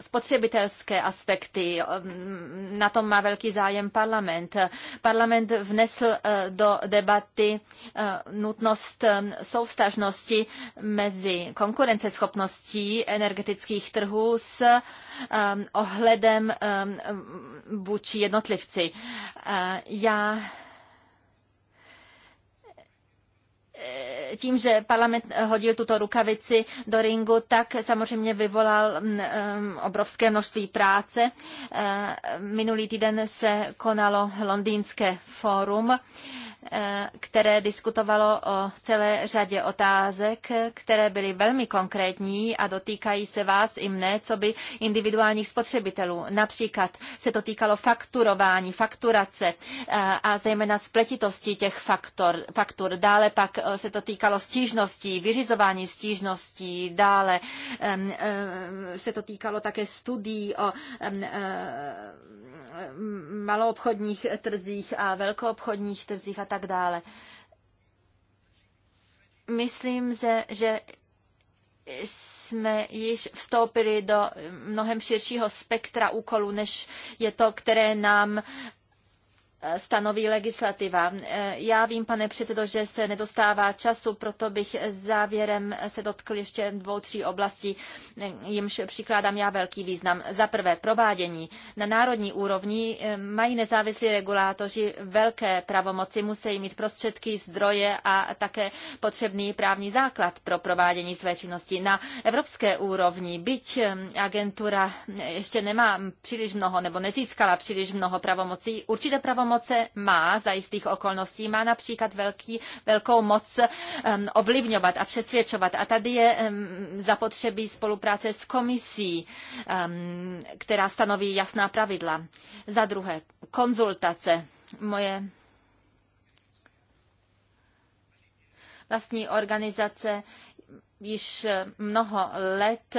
spotřebitelské aspekty. Na tom má velký zájem parlament. Parlament vnesl eh, do debaty eh, nutnost eh, soustažnosti mezi konkurenceschopností energetických trhů s ohledem vůči jednotlivci. Já tím, že parlament hodil tuto rukavici do ringu, tak samozřejmě vyvolal mm, mm, obrovské množství práce. Eh, minulý týden se konalo londýnské fórum Eh, které diskutovalo o celé řadě otázek, které byly velmi konkrétní a dotýkají se vás i mne, co by individuálních spotřebitelů. Například se to týkalo fakturování, fakturace eh, a zejména spletitosti těch faktor, faktur. Dále pak eh, se to týkalo stížností, vyřizování stížností. Dále se to týkalo také studií o maloobchodních trzích a velkoobchodních trzích a tak dále. Myslím, že jsme již vstoupili do mnohem širšího spektra úkolů, než je to, které nám Eh, stanoví legislativa. Eh, já vím, pane předsedo, že se nedostává času, proto bych závěrem se dotkl ještě dvou, tří oblastí, eh, jimž přikládám já velký význam. Za prvé, provádění. Na národní úrovni mají nezávislí regulátoři velké pravomoci, musí mít prostředky, zdroje a také potřebný právní základ pro provádění své činnosti. Na evropské úrovni, byť agentura ještě nemá příliš mnoho nebo nezískala příliš mnoho pravomocí, určité pravomoci pravomoce má za jistých okolností, má například velký, velkou moc um, ovlivňovat a přesvědčovat. A tady je um, zapotřebí spolupráce s komisí, um, která stanoví jasná pravidla. Za druhé, konzultace. Moje vlastní organizace již mnoho let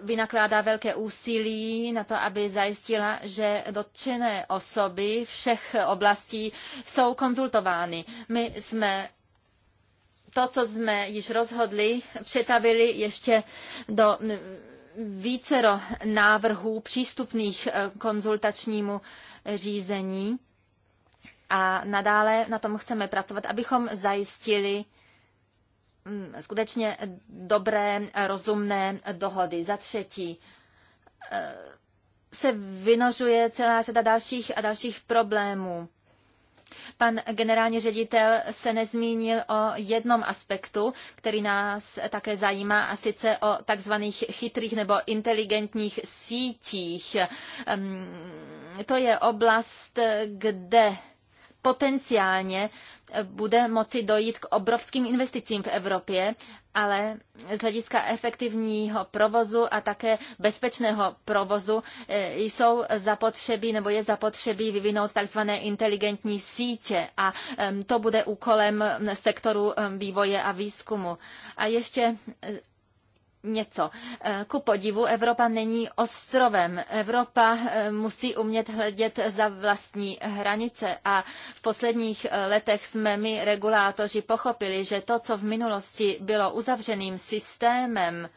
vynakládá velké úsilí na to, aby zajistila, že dotčené osoby všech oblastí jsou konzultovány. My jsme to, co jsme již rozhodli, přetavili ještě do vícero návrhů přístupných eh, konzultačnímu řízení a nadále na tom chceme pracovat, abychom zajistili Mm, skutečně dobré, rozumné dohody. Za třetí, eh, se vynožuje celá řada dalších a dalších problémů. Pan generální ředitel se nezmínil o jednom aspektu, který nás také zajímá, a sice o takzvaných chytrých nebo inteligentních sítích. Ehm, to je oblast, kde potenciálně eh, bude moci dojít k obrovským investicím v Evropě, ale z hlediska efektivního provozu a také bezpečného provozu eh, jsou zapotřebí nebo je zapotřebí vyvinout takzvané inteligentní sítě a to bude úkolem sektoru vývoje a výzkumu. A ještě eh, něco. Eh, ku podivu, Evropa není ostrovem. Evropa eh, musí umět hledět za vlastní hranice a v posledních eh, letech jsme my, regulátoři, pochopili, že to, co v minulosti bylo uzavřeným systémem,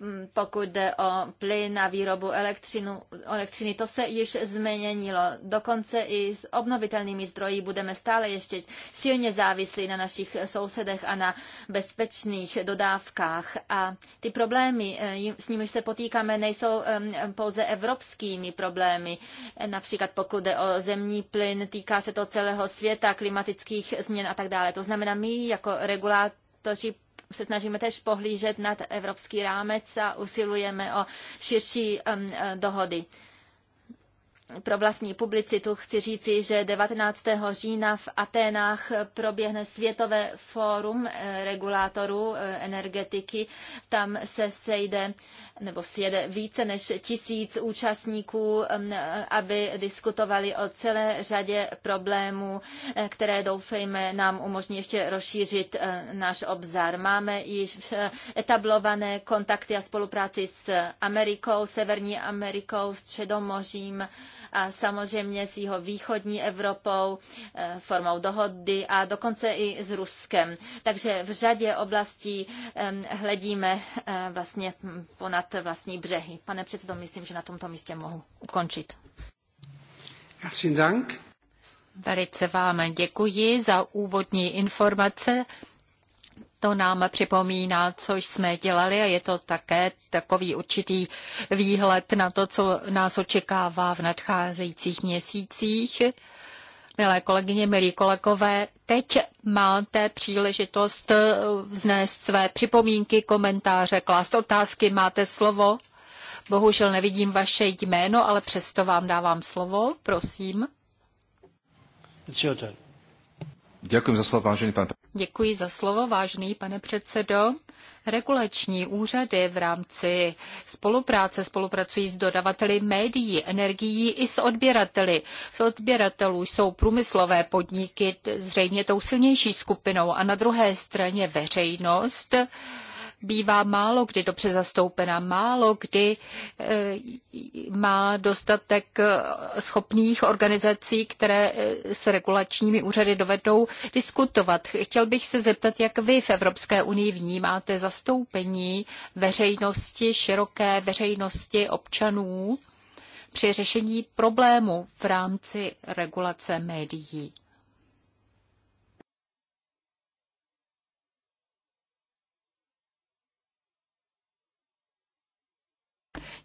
Mm, pokud jde o plyn a výrobu elektřinu, elektřiny, to se již změnilo. Dokonce i s obnovitelnými zdroji budeme stále ještě silně závislí na našich sousedech a na bezpečných dodávkách. A ty problémy, eh, s nimiž se potýkáme, nejsou pouze evropskými problémy. Například pokud jde o zemní plyn, týká se to celého světa, klimatických změn a tak dále. To znamená, my jako regulátor se snažíme tež pohlížet nad evropský rámec a usilujeme o širší um, eh, dohody pro vlastní publicitu chci říci, že 19. října v Aténách proběhne Světové fórum eh, regulátorů eh, energetiky. Tam se sejde nebo sjede více než tisíc účastníků, mm, eh, aby diskutovali o celé řadě problémů, které doufejme nám umožní ještě rozšířit náš obzar. Máme již etablované kontakty a spolupráci s Amerikou, Severní Amerikou, Středomořím, a samozřejmě s jeho východní Evropou eh, formou dohody a dokonce i s Ruskem. Takže v řadě oblastí hledíme eh, vlastně ponad vlastní břehy. Pane předsedo, myslím, že na tomto místě mohu ukončit. Dank. Velice vám děkuji za úvodní informace to nám připomíná, co jsme dělali a je to také takový určitý výhled na to, co nás očekává v nadcházejících měsících. Milé kolegyně, milí kolegové, teď máte příležitost eh, vznést své připomínky, komentáře, klást otázky, máte slovo. Bohužel nevidím vaše jméno, ale přesto vám dávám slovo, prosím. Děkuji za slovo, vážený pan Děkuji za slovo, vážný pane předsedo. Regulační úřady v rámci spolupráce spolupracují s dodavateli médií, energií i s odběrateli. s odběratelů jsou průmyslové podniky zřejmě tou silnější skupinou a na druhé straně veřejnost, bývá málo kdy dobře zastoupena, málo kdy e, má dostatek e, schopných organizací, které e, s regulačními úřady dovedou diskutovat. Chtěl bych se zeptat, jak vy v Evropské unii vnímáte zastoupení veřejnosti, široké veřejnosti občanů při řešení problému v rámci regulace médií.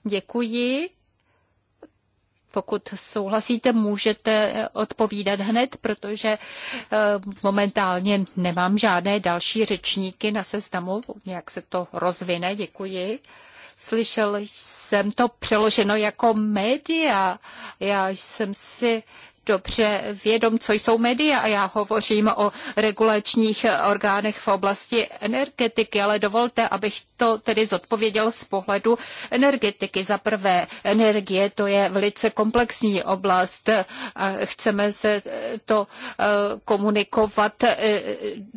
Děkuji. Pokud souhlasíte, můžete odpovídat hned, protože eh, momentálně nemám žádné další řečníky na seznamu, jak se to rozvine. Děkuji. Slyšel jsem to přeloženo jako média. Já jsem si dobře vědom, co jsou média a já hovořím o regulačních orgánech v oblasti energetiky, ale dovolte, abych to tedy zodpověděl z pohledu energetiky. Za prvé, energie to je velice komplexní oblast. A chceme se to eh, komunikovat eh,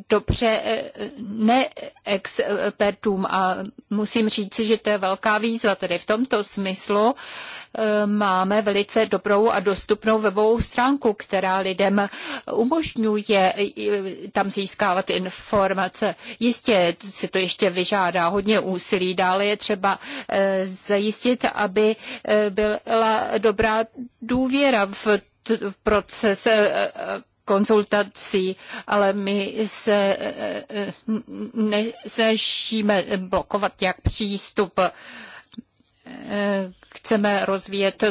dobře eh, ne expertům a musím říci, že to je velká výzva. Tedy v tomto smyslu máme velice dobrou a dostupnou webovou stránku, která lidem umožňuje eh, tam získávat informace. Jistě si to ještě vyžádá hodně úsilí, dále je třeba eh, zajistit, aby eh, byla dobrá důvěra v proces konzultací, ale my se nesnažíme blokovat jak přístup Chceme rozvíjet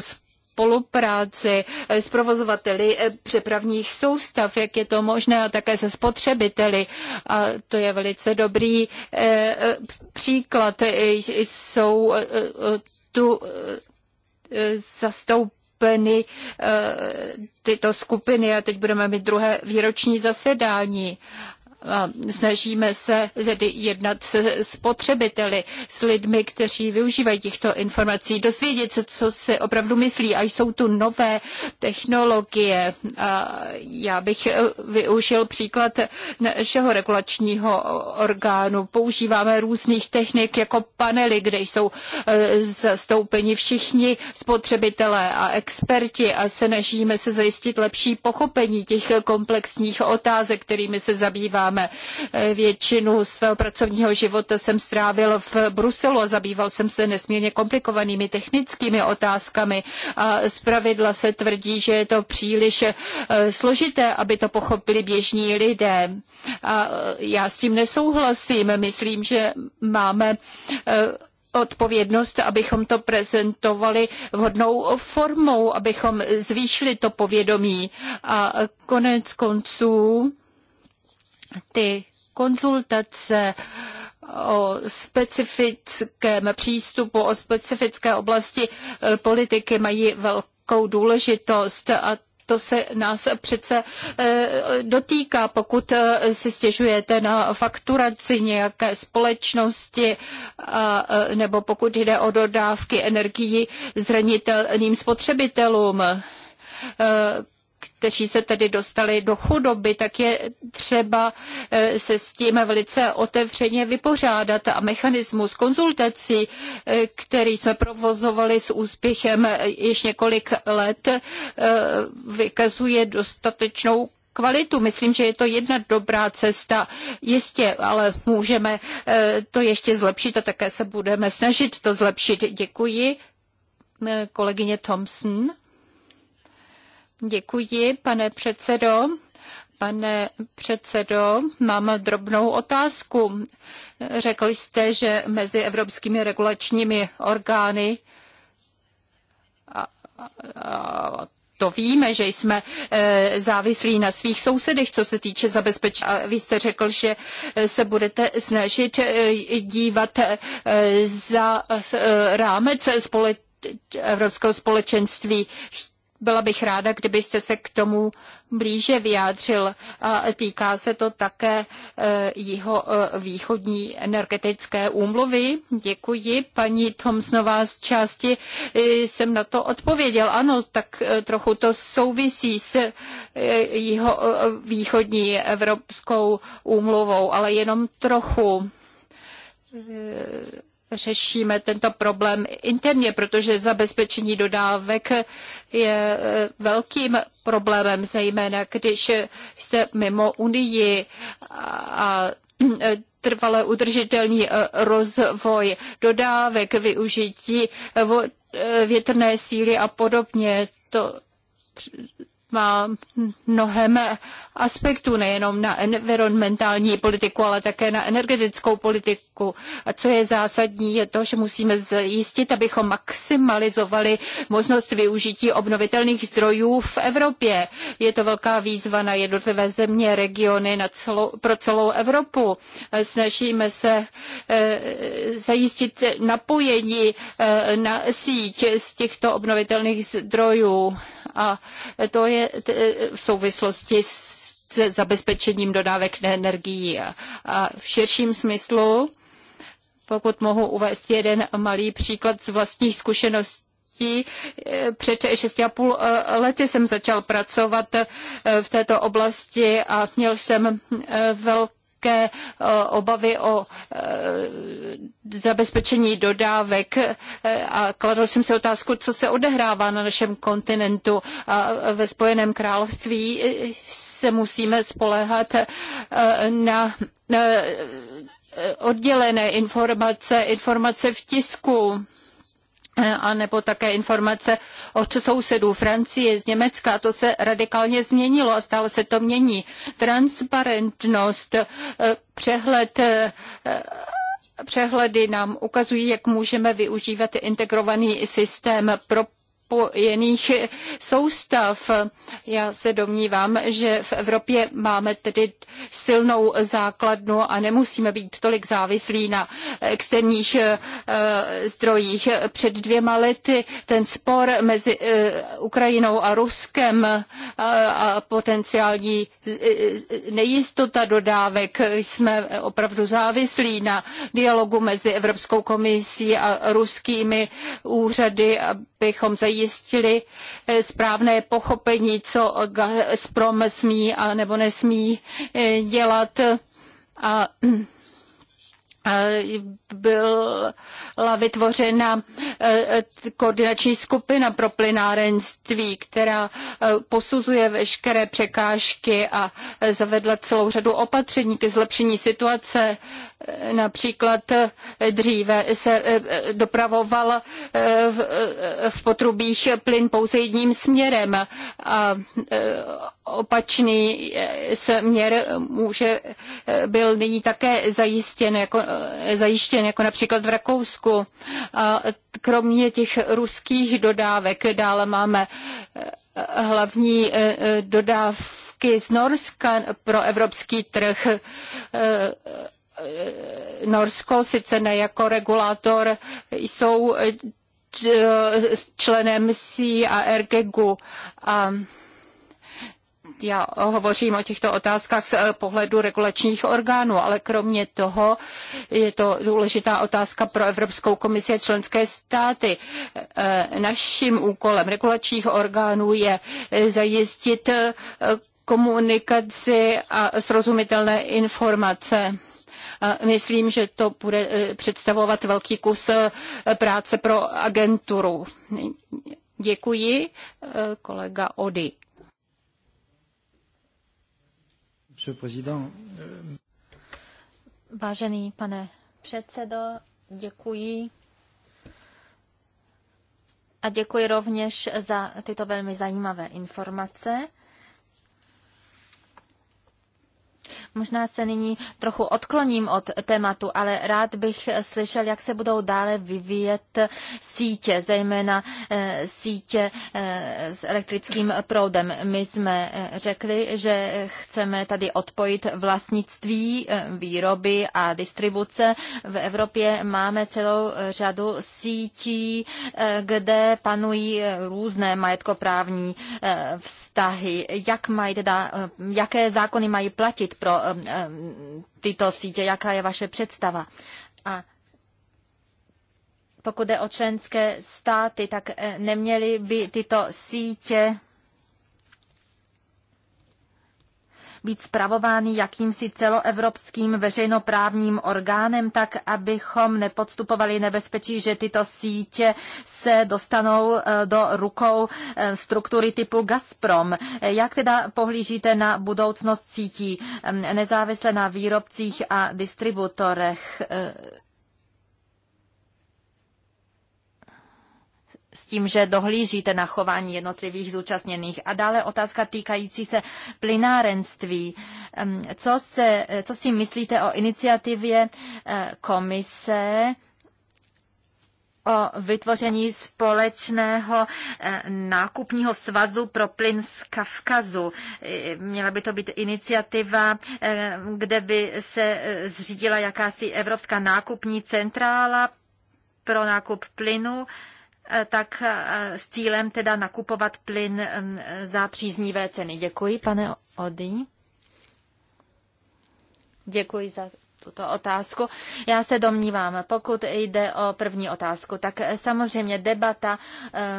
spolupráci s provozovateli přepravních soustav, jak je to možné, a také se spotřebiteli. A to je velice dobrý eh, příklad. Jsou eh, tu eh, zastoupeny tyto skupiny a teď budeme mít druhé výroční zasedání snažíme se tedy jednat se spotřebiteli, s lidmi, kteří využívají těchto informací, dozvědět se, co si opravdu myslí. A jsou tu nové technologie. A já bych eh, využil příklad našeho regulačního orgánu. Používáme různých technik jako panely, kde jsou eh, zastoupeni všichni spotřebitelé a experti a snažíme se zajistit lepší pochopení těch komplexních otázek, kterými se zabýváme známe. Eh, většinu svého pracovního života jsem strávil v Bruselu a zabýval jsem se nesmírně komplikovanými technickými otázkami a zpravidla se tvrdí, že je to příliš eh, složité, aby to pochopili běžní lidé. A eh, já s tím nesouhlasím. Myslím, že máme odpovědnost, abychom to prezentovali vhodnou formou, abychom zvýšili to povědomí. A konec konců ty konzultace o specifickém přístupu, o specifické oblasti eh, politiky mají velkou důležitost a to se nás přece eh, dotýká, pokud eh, si stěžujete na fakturaci nějaké společnosti nebo pokud jde o dodávky energii zranitelným spotřebitelům kteří se tedy dostali do chudoby, tak je třeba eh, se s tím velice otevřeně vypořádat a mechanismus konzultací, eh, který jsme provozovali s úspěchem eh, již několik let, vykazuje dostatečnou kvalitu. Myslím, že je to jedna dobrá cesta. Jistě, ale můžeme to ještě zlepšit a také se budeme snažit to zlepšit. Děkuji. Kolegyně Thompson. Děkuji, pane předsedo. Pane předsedo, mám drobnou otázku. Řekl jste, že mezi evropskými regulačními orgány a, a, to víme, že jsme e, závislí na svých sousedech, co se týče zabezpečení. A vy jste řekl, že se budete snažit e, dívat e, za rámec Evropského společenství byla bych ráda, kdybyste se k tomu blíže vyjádřil. A týká se to také e, jeho e, východní energetické úmluvy. Děkuji. Paní Tomsnová z části e, jsem na to odpověděl. Ano, tak trochu to souvisí s jeho východní evropskou úmluvou, ale jenom trochu řešíme tento problém interně, protože zabezpečení dodávek je e, velkým problémem, zejména když jste mimo Unii a e, trvalé udržitelný e, rozvoj dodávek, využití větrné síly a podobně. To má mnohem aspektů, nejenom na environmentální politiku, ale také na energetickou politiku. A co je zásadní, je to, že musíme zjistit, abychom maximalizovali možnost využití obnovitelných zdrojů v Evropě. Je to velká výzva na jednotlivé země, regiony, na celou, pro celou Evropu. Snažíme se e, zajistit napojení e, na síť z těchto obnovitelných zdrojů a to je v souvislosti s zabezpečením dodávek energií. A v širším smyslu, pokud mohu uvést jeden malý příklad z vlastních zkušeností, e, před 6,5 a půl e, lety jsem začal pracovat e, v této oblasti a měl jsem velké velké eh, obavy o eh, zabezpečení dodávek eh, a kladl jsem si otázku, co se odehrává na našem kontinentu a ve Spojeném království se musíme spoléhat na oddělené informace, informace v tisku Eh, a nebo také informace od sousedů Francie z Německa. To se radikálně změnilo a stále se to mění. Transparentnost, eh, přehled eh, přehledy nám ukazují, jak můžeme využívat integrovaný systém pro propojených soustav. Já se domnívám, že v Evropě máme tedy silnou základnu a nemusíme být tolik závislí na externích eh, zdrojích. Před dvěma lety ten spor mezi eh, Ukrajinou a Ruskem eh, a potenciální nejistota dodávek jsme opravdu závislí na dialogu mezi Evropskou komisí a ruskými úřady, abychom zajistili eh, správné pochopení, co Gazprom smí a nebo nesmí eh, dělat. A byla vytvořena eh, eh, koordinační skupina pro plynárenství, která eh, posuzuje veškeré překážky a zavedla celou řadu opatření ke zlepšení situace. Například dříve se dopravoval v potrubích plyn pouze jedním směrem a opačný směr může byl nyní také zajištěn jako Eh, zajištěn, jako například v Rakousku. A kromě těch ruských dodávek dále máme eh, hlavní eh, dodávky z Norska pro evropský trh. Norsko, sice ne jako regulátor, jsou členem CRGGu a, a já hovořím o těchto otázkách z eh, pohledu regulačních orgánů, ale kromě toho je to důležitá otázka pro Evropskou komisi a členské státy. Eh, naším úkolem regulačních orgánů je zajistit eh, komunikaci a srozumitelné informace. Myslím, že to bude představovat velký kus práce pro agenturu. Děkuji, kolega Ody. Euh, Vážený pane předsedo, děkuji. A děkuji rovněž za tyto velmi zajímavé informace. Možná se nyní trochu odkloním od tématu, ale rád bych slyšel, jak se budou dále vyvíjet sítě, zejména eh, sítě eh, s elektrickým proudem. My jsme eh, řekli, že chceme tady odpojit vlastnictví výroby a distribuce. V Evropě máme celou řadu sítí, kde panují různé majetkoprávní vztahy. Jak mají teda, jaké zákony mají platit pro eh, eh, tyto sítě? Jaká je vaše představa? A pokud jde o členské státy, tak eh, neměly by tyto sítě být spravovány jakýmsi celoevropským veřejnoprávním orgánem, tak abychom nepodstupovali nebezpečí, že tyto sítě se dostanou eh, do rukou eh, struktury typu Gazprom. Eh, jak teda pohlížíte na budoucnost sítí ehm, nezávisle na výrobcích a distributorech? s tím, že dohlížíte na chování jednotlivých zúčastněných. A dále otázka týkající se plynárenství. Co, se, co si myslíte o iniciativě eh, komise o vytvoření společného eh, nákupního svazu pro plyn z Kavkazu. Eh, měla by to být iniciativa, kde by se zřídila jakási evropská nákupní centrála pro nákup plynu Eh, tak eh, s cílem teda nakupovat plyn za příznivé ceny. Děkuji, pane Ody. Děkuji za tuto otázku. Já se domnívám, pokud jde o první otázku, tak eh, samozřejmě debata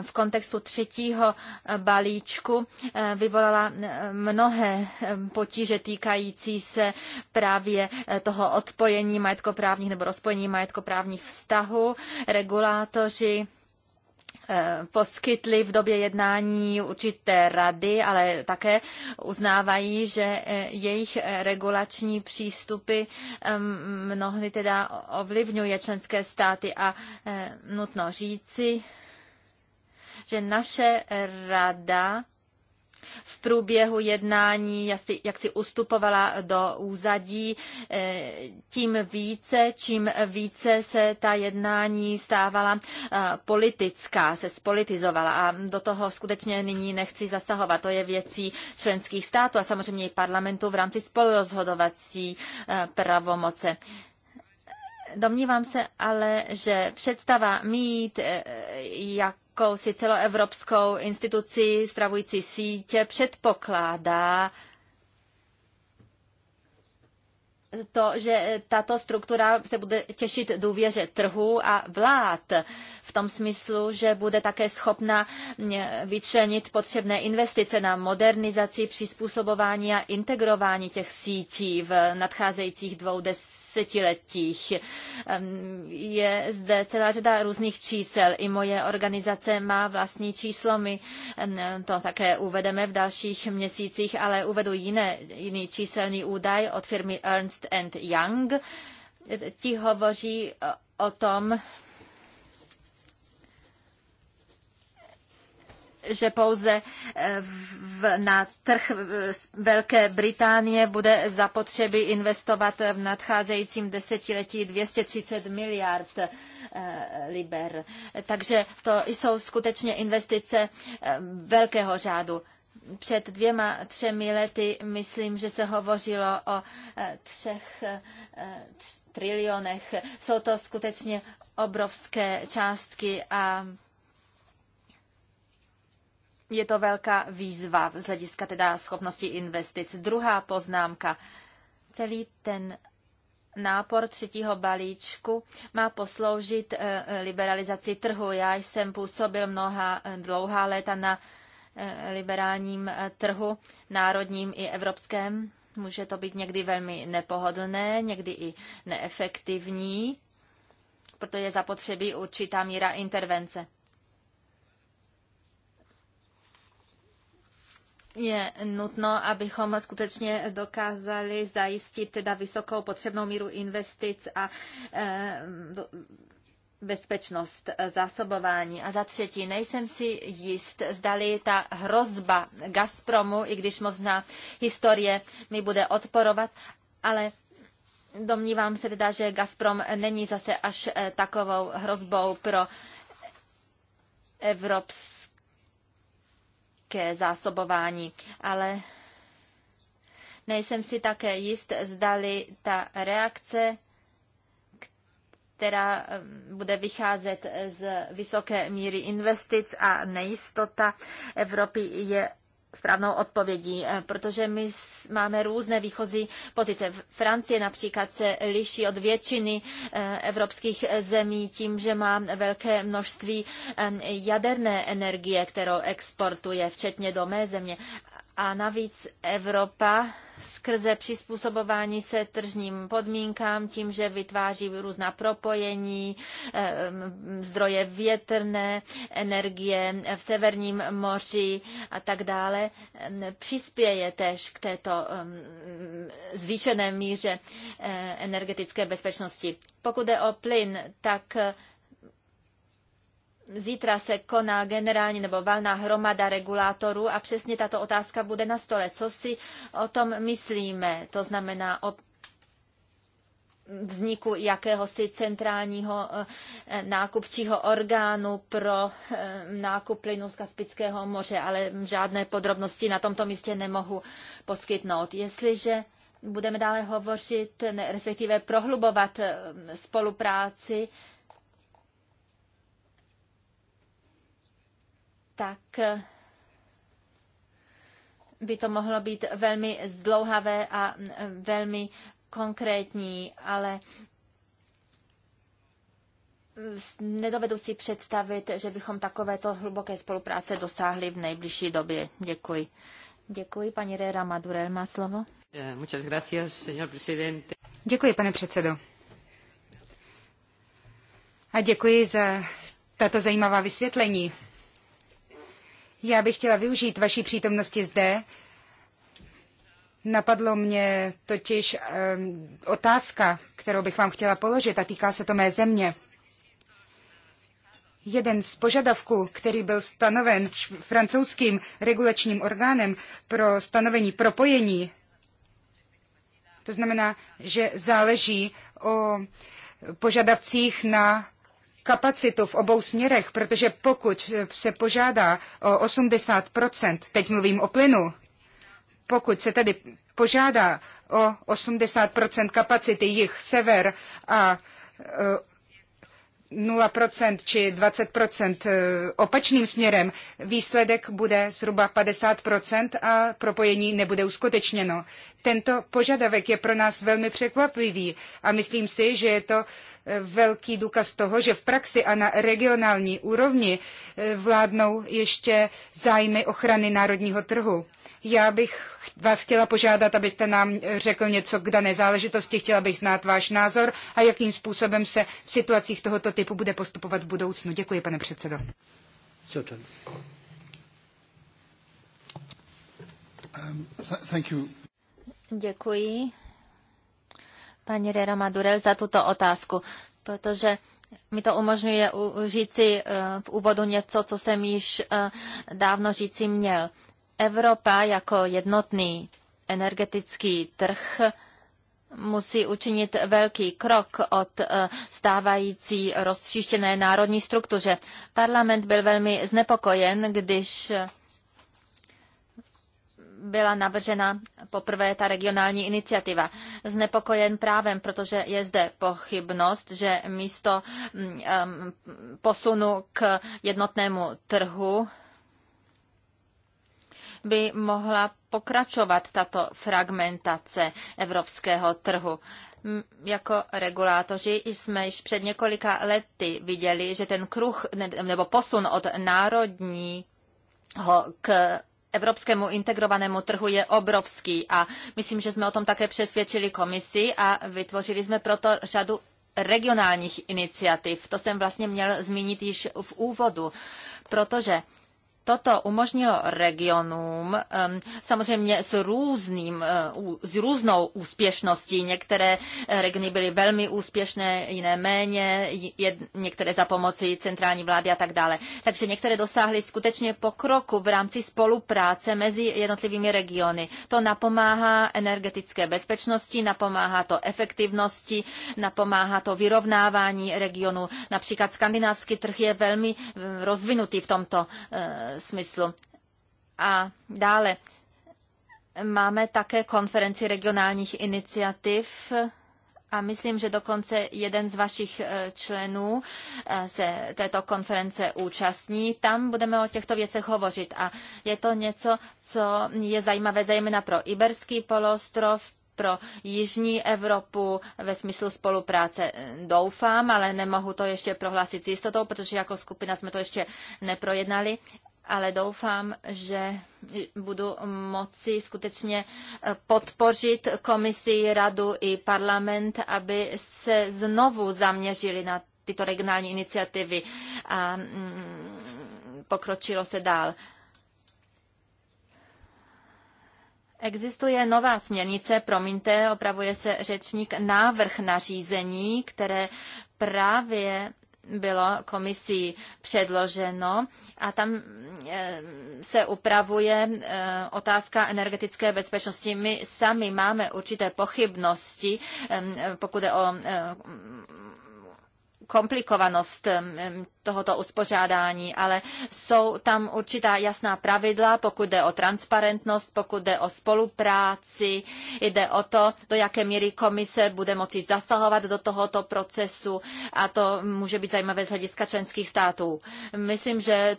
v kontextu třetího balíčku vyvolala mnohé potíže týkající se právě toho odpojení majetkoprávních nebo rozpojení majetkoprávních vztahů. Regulátoři Eh, poskytli v době jednání určité rady, ale také uznávají, že eh, jejich eh, regulační přístupy mnohdy teda ovlivňuje členské státy a nutno říci, že naše rada v průběhu jednání jak si, jak si ustupovala do úzadí, eh, tím více, čím více se ta jednání stávala eh, politická, se spolitizovala a do toho skutečně nyní nechci zasahovat. To je věcí členských států a samozřejmě i parlamentu v rámci spolurozhodovací eh, pravomoce. Domnívám se ale, že představa mít jak jakousi celoevropskou instituci stravující sítě předpokládá to, že tato struktura se bude těšit důvěře trhu a vlád v tom smyslu, že bude také schopna mm, vyčlenit potřebné investice na modernizaci, přizpůsobování a integrování těch sítí v nadcházejících dvou desítkách desetiletích. Je zde celá řada různých čísel. I moje organizace má vlastní číslo. My to také uvedeme v dalších měsících, ale uvedu jiné, jiný číselný údaj od firmy Ernst Young. Ti hovoří o tom, že pouze eh, v, na trh eh, Velké Británie bude zapotřebí investovat v nadcházejícím desetiletí 230 miliard eh, liber. Takže to jsou skutečně investice velkého řádu před dvěma, třemi lety, myslím, že se hovořilo o třech trilionech. Jsou to skutečně obrovské částky a je to velká výzva z hlediska teda schopnosti investic. Druhá poznámka. Celý ten nápor třetího balíčku má posloužit eh, liberalizaci trhu. Já jsem působil mnoha eh, dlouhá léta na eh, liberálním trhu, národním i evropském. Může to být někdy velmi nepohodlné, někdy i neefektivní, proto je zapotřebí určitá míra intervence. je nutno, abychom skutečně dokázali zajistit teda vysokou potřebnou míru investic a eh, bezpečnost zásobování. A za třetí, nejsem si jist, zdali ta hrozba Gazpromu, i když možná historie mi bude odporovat, ale domnívám se teda, že Gazprom není zase až eh, takovou hrozbou pro evropské ke zásobování, ale nejsem si také jist, zdali ta reakce, která um, bude vycházet z vysoké míry investic a nejistota Evropy je správnou odpovědí, eh, protože my máme různé výchozí pozice. Francie například se liší od většiny eh, evropských eh, zemí tím, že má velké množství jaderné energie, kterou exportuje, včetně do mé země. A navíc Evropa skrze přizpůsobování se tržním podmínkám, tím, že vytváří různá propojení, eh, zdroje větrné, energie v Severním moři a tak dále, eh, přispěje tež k této eh, zvýšené míře energetické bezpečnosti. Pokud jde o plyn, tak Zítra se koná generální nebo valná hromada regulátorů a přesně tato otázka bude na stole. Co si o tom myslíme? To znamená o vzniku jakéhosi centrálního eh, nákupčího orgánu pro eh, nákup plynu z Kaspického moře, ale žádné podrobnosti na tomto místě nemohu poskytnout. Jestliže budeme dále hovořit, respektive prohlubovat eh, spolupráci tak eh, by to mohlo být velmi zdlouhavé a eh, velmi konkrétní, ale eh, nedovedu si představit, že bychom takovéto hluboké spolupráce dosáhli v nejbližší době. Děkuji. Děkuji, paní Rera Madurel má slovo. Děkuji, pane předsedo. A děkuji za tato zajímavá vysvětlení. Já bych chtěla využít vaší přítomnosti zde. Napadlo mě totiž um, otázka, kterou bych vám chtěla položit a týká se to mé země. Jeden z požadavků, který byl stanoven francouzským regulačním orgánem pro stanovení propojení, to znamená, že záleží o požadavcích na kapacitu v obou směrech, protože pokud se požádá o 80%, teď mluvím o plynu, pokud se tedy požádá o 80% kapacity jich, sever a e, 0% či 20% eh, opačným směrem, výsledek bude zhruba 50% a propojení nebude uskutečněno. Tento požadavek je pro nás velmi překvapivý a myslím si, že je to eh, velký důkaz toho, že v praxi a na regionální úrovni eh, vládnou ještě zájmy ochrany národního trhu. Já bych vás chtěla požádat, abyste nám eh, řekl něco k dané záležitosti, chtěla bych znát váš názor a jakým způsobem se v situacích tohoto typu bude postupovat v budoucnu. Děkuji, pane předsedo. Um, Děkuji, paní Rera Madurel, za tuto otázku, protože mi to umožňuje říci eh, v úvodu něco, co jsem již eh, dávno říci měl. Evropa jako jednotný energetický trh musí učinit velký krok od eh, stávající rozstříštěné národní struktuře. Parlament byl velmi znepokojen, když eh, byla navržena poprvé ta regionální iniciativa. Znepokojen právem, protože je zde pochybnost, že místo mm, eh, posunu k jednotnému trhu by mohla pokračovat tato fragmentace evropského trhu. Jako regulátoři jsme již před několika lety viděli, že ten kruh nebo posun od národního k evropskému integrovanému trhu je obrovský a myslím, že jsme o tom také přesvědčili komisi a vytvořili jsme proto řadu regionálních iniciativ. To jsem vlastně měl zmínit již v úvodu, protože toto umožnilo regionům samozřejmě s, různým, e, s různou úspěšností. Některé e, regiony byly velmi úspěšné, jiné méně, některé za pomoci centrální vlády a tak dále. Takže některé dosáhly skutečně pokroku v rámci spolupráce mezi jednotlivými regiony. To napomáhá energetické bezpečnosti, napomáhá to efektivnosti, napomáhá to vyrovnávání regionu. Například skandinávský trh je velmi rozvinutý v tomto e, smyslu. A dále máme také konferenci regionálních iniciativ a myslím, že dokonce jeden z vašich eh, členů eh, se této konference účastní. Tam budeme o těchto věcech hovořit a je to něco, co je zajímavé zejména pro Iberský polostrov, pro Jižní Evropu ve smyslu spolupráce doufám, ale nemohu to ještě prohlásit s jistotou, protože jako skupina jsme to ještě neprojednali ale doufám, že budu moci skutečně eh, podpořit komisi, radu i parlament, aby se znovu zaměřili na tyto regionální iniciativy a mm, pokročilo se dál. Existuje nová směrnice, promiňte, opravuje se řečník návrh nařízení, které právě bylo komisí předloženo a tam eh, se upravuje eh, otázka energetické bezpečnosti. My sami máme určité pochybnosti, eh, pokud je o komplikovanost tohoto uspořádání, ale jsou tam určitá jasná pravidla, pokud jde o transparentnost, pokud jde o spolupráci, jde o to, do jaké míry komise bude moci zasahovat do tohoto procesu a to může být zajímavé z hlediska členských států. Myslím, že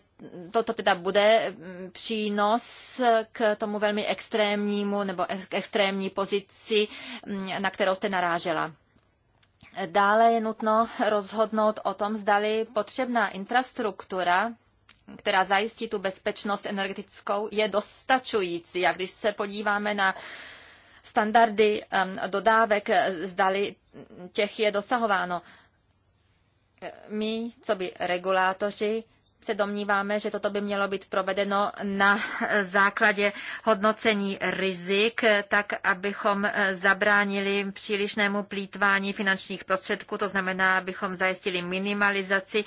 toto teda bude mm, přínos k tomu velmi extrémnímu nebo k extrémní pozici, mm, na kterou jste narážela. Dále je nutno rozhodnout o tom, zdali potřebná infrastruktura která zajistí tu bezpečnost energetickou, je dostačující. A když se podíváme na standardy dodávek, zdali těch je dosahováno. My, co by regulátoři, se domníváme, že toto by mělo být provedeno na základě hodnocení rizik, tak abychom zabránili přílišnému plítvání finančních prostředků, to znamená, abychom zajistili minimalizaci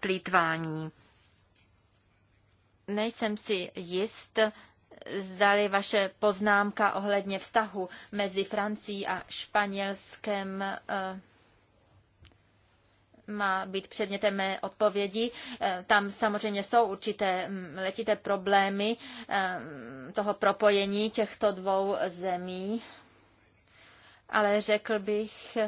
plítvání. Nejsem si jist, zdali vaše poznámka ohledně vztahu mezi Francií a Španělskem uh, má být předmětem mé odpovědi. Eh, tam samozřejmě jsou určité mm, letité problémy eh, toho propojení těchto dvou zemí, ale řekl bych,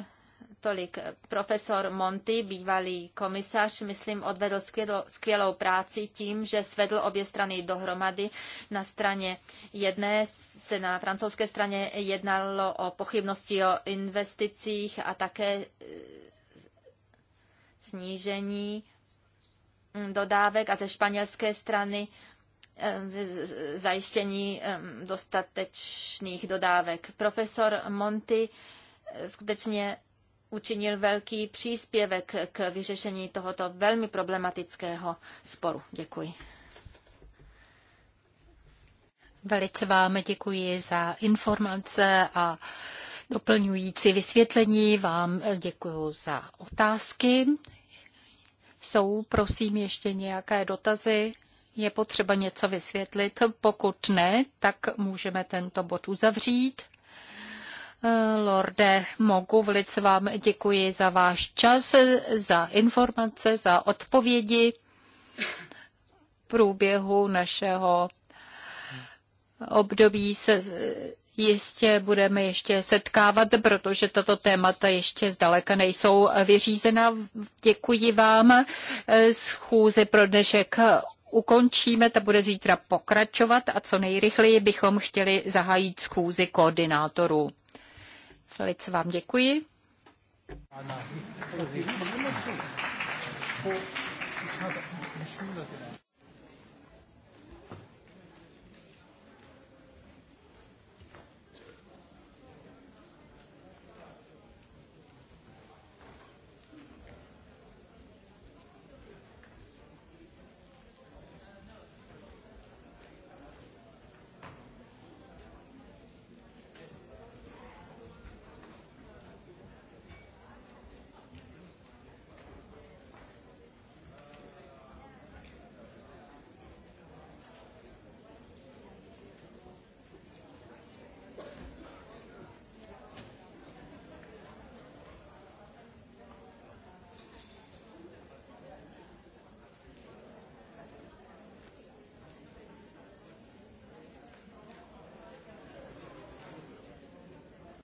tolik. Profesor Monty, bývalý komisař, myslím, odvedl skvělou práci tím, že svedl obě strany dohromady. Na straně jedné se na francouzské straně jednalo o pochybnosti o investicích a také eh, snížení mm, dodávek a ze španělské strany zajištění dostatečných dodávek. Profesor Monty eh, skutečně učinil velký příspěvek k vyřešení tohoto velmi problematického sporu. Děkuji. Velice vám děkuji za informace a doplňující vysvětlení. Vám eh, děkuji za otázky. Jsou, prosím, ještě nějaké dotazy? Je potřeba něco vysvětlit? Pokud ne, tak můžeme tento bod uzavřít. Eh, Lorde Mogu, velice vám děkuji za váš čas, za informace, za odpovědi v průběhu našeho období se jistě budeme ještě setkávat, protože tato témata ještě zdaleka nejsou vyřízena. Děkuji vám. Schůze pro dnešek ukončíme, ta bude zítra pokračovat a co nejrychleji bychom chtěli zahájit schůzi koordinátorů. Velice vám děkuji. Ana,